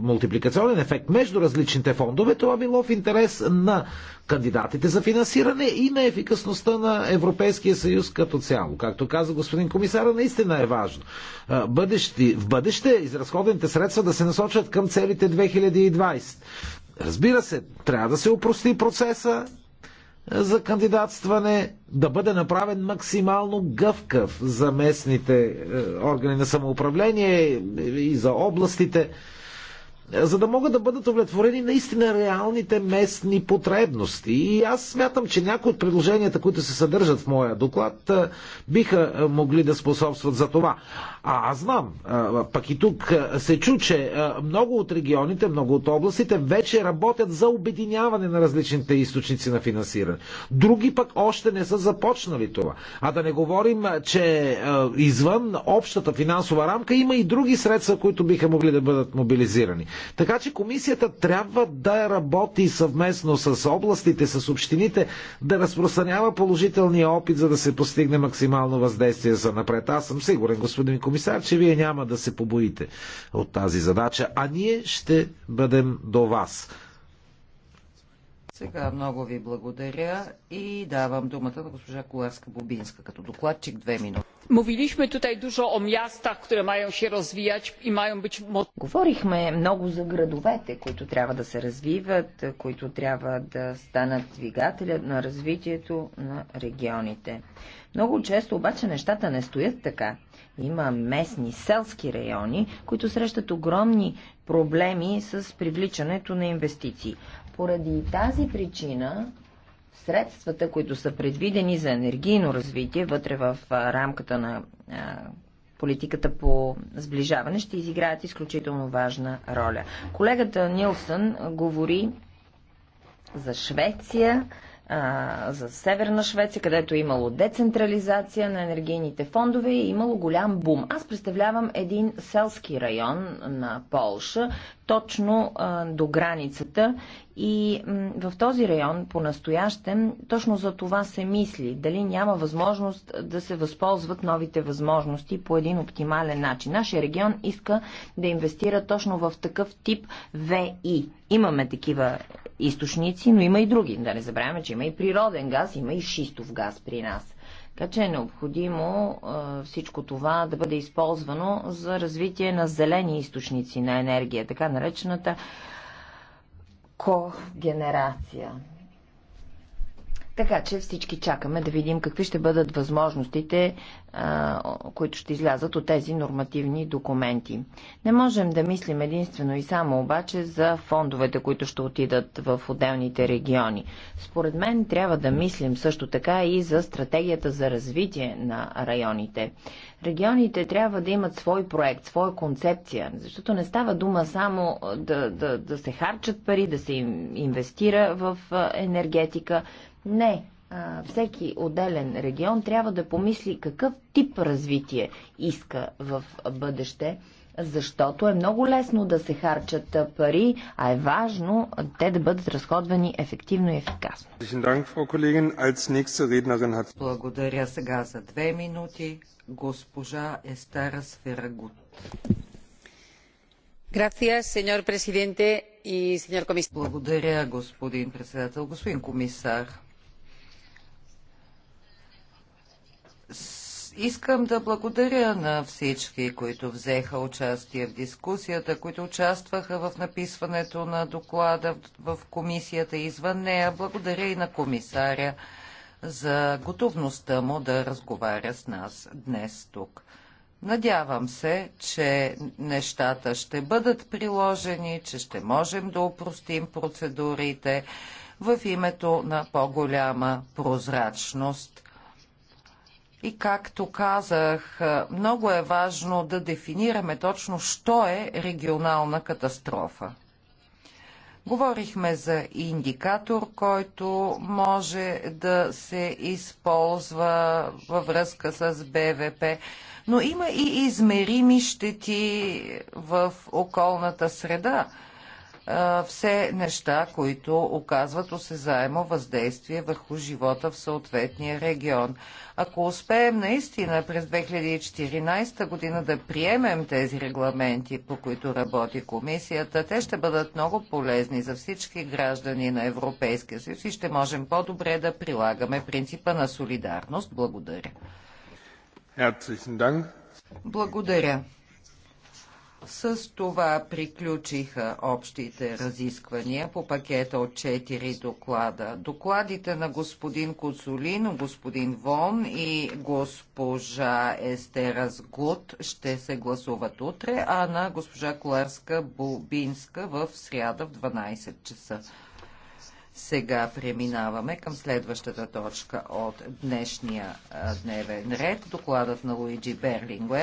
мултипликационен ефект между различните фондове, това било в интерес на кандидатите за финансиране и на ефикасността на Европейския съюз като цяло. Както каза господин комисара, наистина е важно. Бъдещи, в бъдеще изразходените средства да се насочат към целите 2020. Разбира се, трябва да се упрости процеса за кандидатстване да бъде направен максимално гъвкав за местните е, органи на самоуправление и за областите, за да могат да бъдат удовлетворени наистина реалните местни потребности. И аз смятам, че някои от предложенията, които се съдържат в моя доклад, е, биха е, могли да способстват за това. А аз знам, пък и тук се чу, че много от регионите, много от областите вече работят за обединяване на различните източници на финансиране. Други пък още не са започнали това. А да не говорим, че извън общата финансова рамка има и други средства, които биха могли да бъдат мобилизирани. Така че комисията трябва да работи съвместно с областите, с общините, да разпространява положителния опит, за да се постигне максимално въздействие за напред. Аз съм сигурен, господин комисар, че вие няма да се побоите от тази задача, а ние ще бъдем до вас. Сега много ви благодаря и давам думата на госпожа Коларска-Бубинска като докладчик две минути. Mówiliśmy tutaj dużo o miastach, które mają się rozwijać i mają być... Говорихме много за градовете, които трябва да се развиват, които трябва да станат двигателя на развитието на регионите. Много често обаче нещата не стоят така. Има местни селски райони, които срещат огромни проблеми с привличането на инвестиции. Поради тази причина средствата, които са предвидени за енергийно развитие вътре в рамката на политиката по сближаване, ще изиграят изключително важна роля. Колегата Нилсън говори за Швеция за Северна Швеция, където е имало децентрализация на енергийните фондове и е имало голям бум. Аз представлявам един селски район на Полша, точно а, до границата и в този район, по-настоящем, точно за това се мисли. Дали няма възможност да се възползват новите възможности по един оптимален начин. Нашия регион иска да инвестира точно в такъв тип ВИ. Имаме такива източници, но има и други. Да не забравяме, че има и природен газ, има и шистов газ при нас. Така че е необходимо всичко това да бъде използвано за развитие на зелени източници на енергия, така наречената ко-генерация. Така че всички чакаме да видим какви ще бъдат възможностите, които ще излязат от тези нормативни документи. Не можем да мислим единствено и само обаче за фондовете, които ще отидат в отделните региони. Според мен трябва да мислим също така и за стратегията за развитие на районите. Регионите трябва да имат свой проект, своя концепция, защото не става дума само да, да, да се харчат пари, да се инвестира в енергетика. Не, всеки отделен регион трябва да помисли какъв тип развитие иска в бъдеще, защото е много лесно да се харчат пари, а е важно те да бъдат разходвани ефективно и ефикасно. Благодаря сега за две минути. Госпожа Естара Сферагут. Благодаря, господин председател. Господин комисар, Искам да благодаря на всички, които взеха участие в дискусията, които участваха в написването на доклада в комисията и извън нея. Благодаря и на комисаря за готовността му да разговаря с нас днес тук. Надявам се, че нещата ще бъдат приложени, че ще можем да упростим процедурите в името на по-голяма прозрачност – и както казах, е, много е важно да дефинираме точно що е регионална катастрофа. Говорихме за индикатор, който може да се използва във връзка с БВП, но има и измерими щети в околната среда все неща, които оказват осезаемо въздействие върху живота в съответния регион. Ако успеем наистина през 2014 година да приемем тези регламенти, по които работи комисията, те ще бъдат много полезни за всички граждани на Европейския съюз и ще можем по-добре да прилагаме принципа на солидарност. Благодаря. Благодаря. С това приключиха общите разисквания по пакета от 4 доклада. Докладите на господин Коцолин, господин Вон и госпожа Естера Сгут ще се гласуват утре, а на госпожа Коларска Бубинска в сряда в 12 часа. Сега преминаваме към следващата точка от днешния дневен ред. Докладът на Луиджи Берлингуер.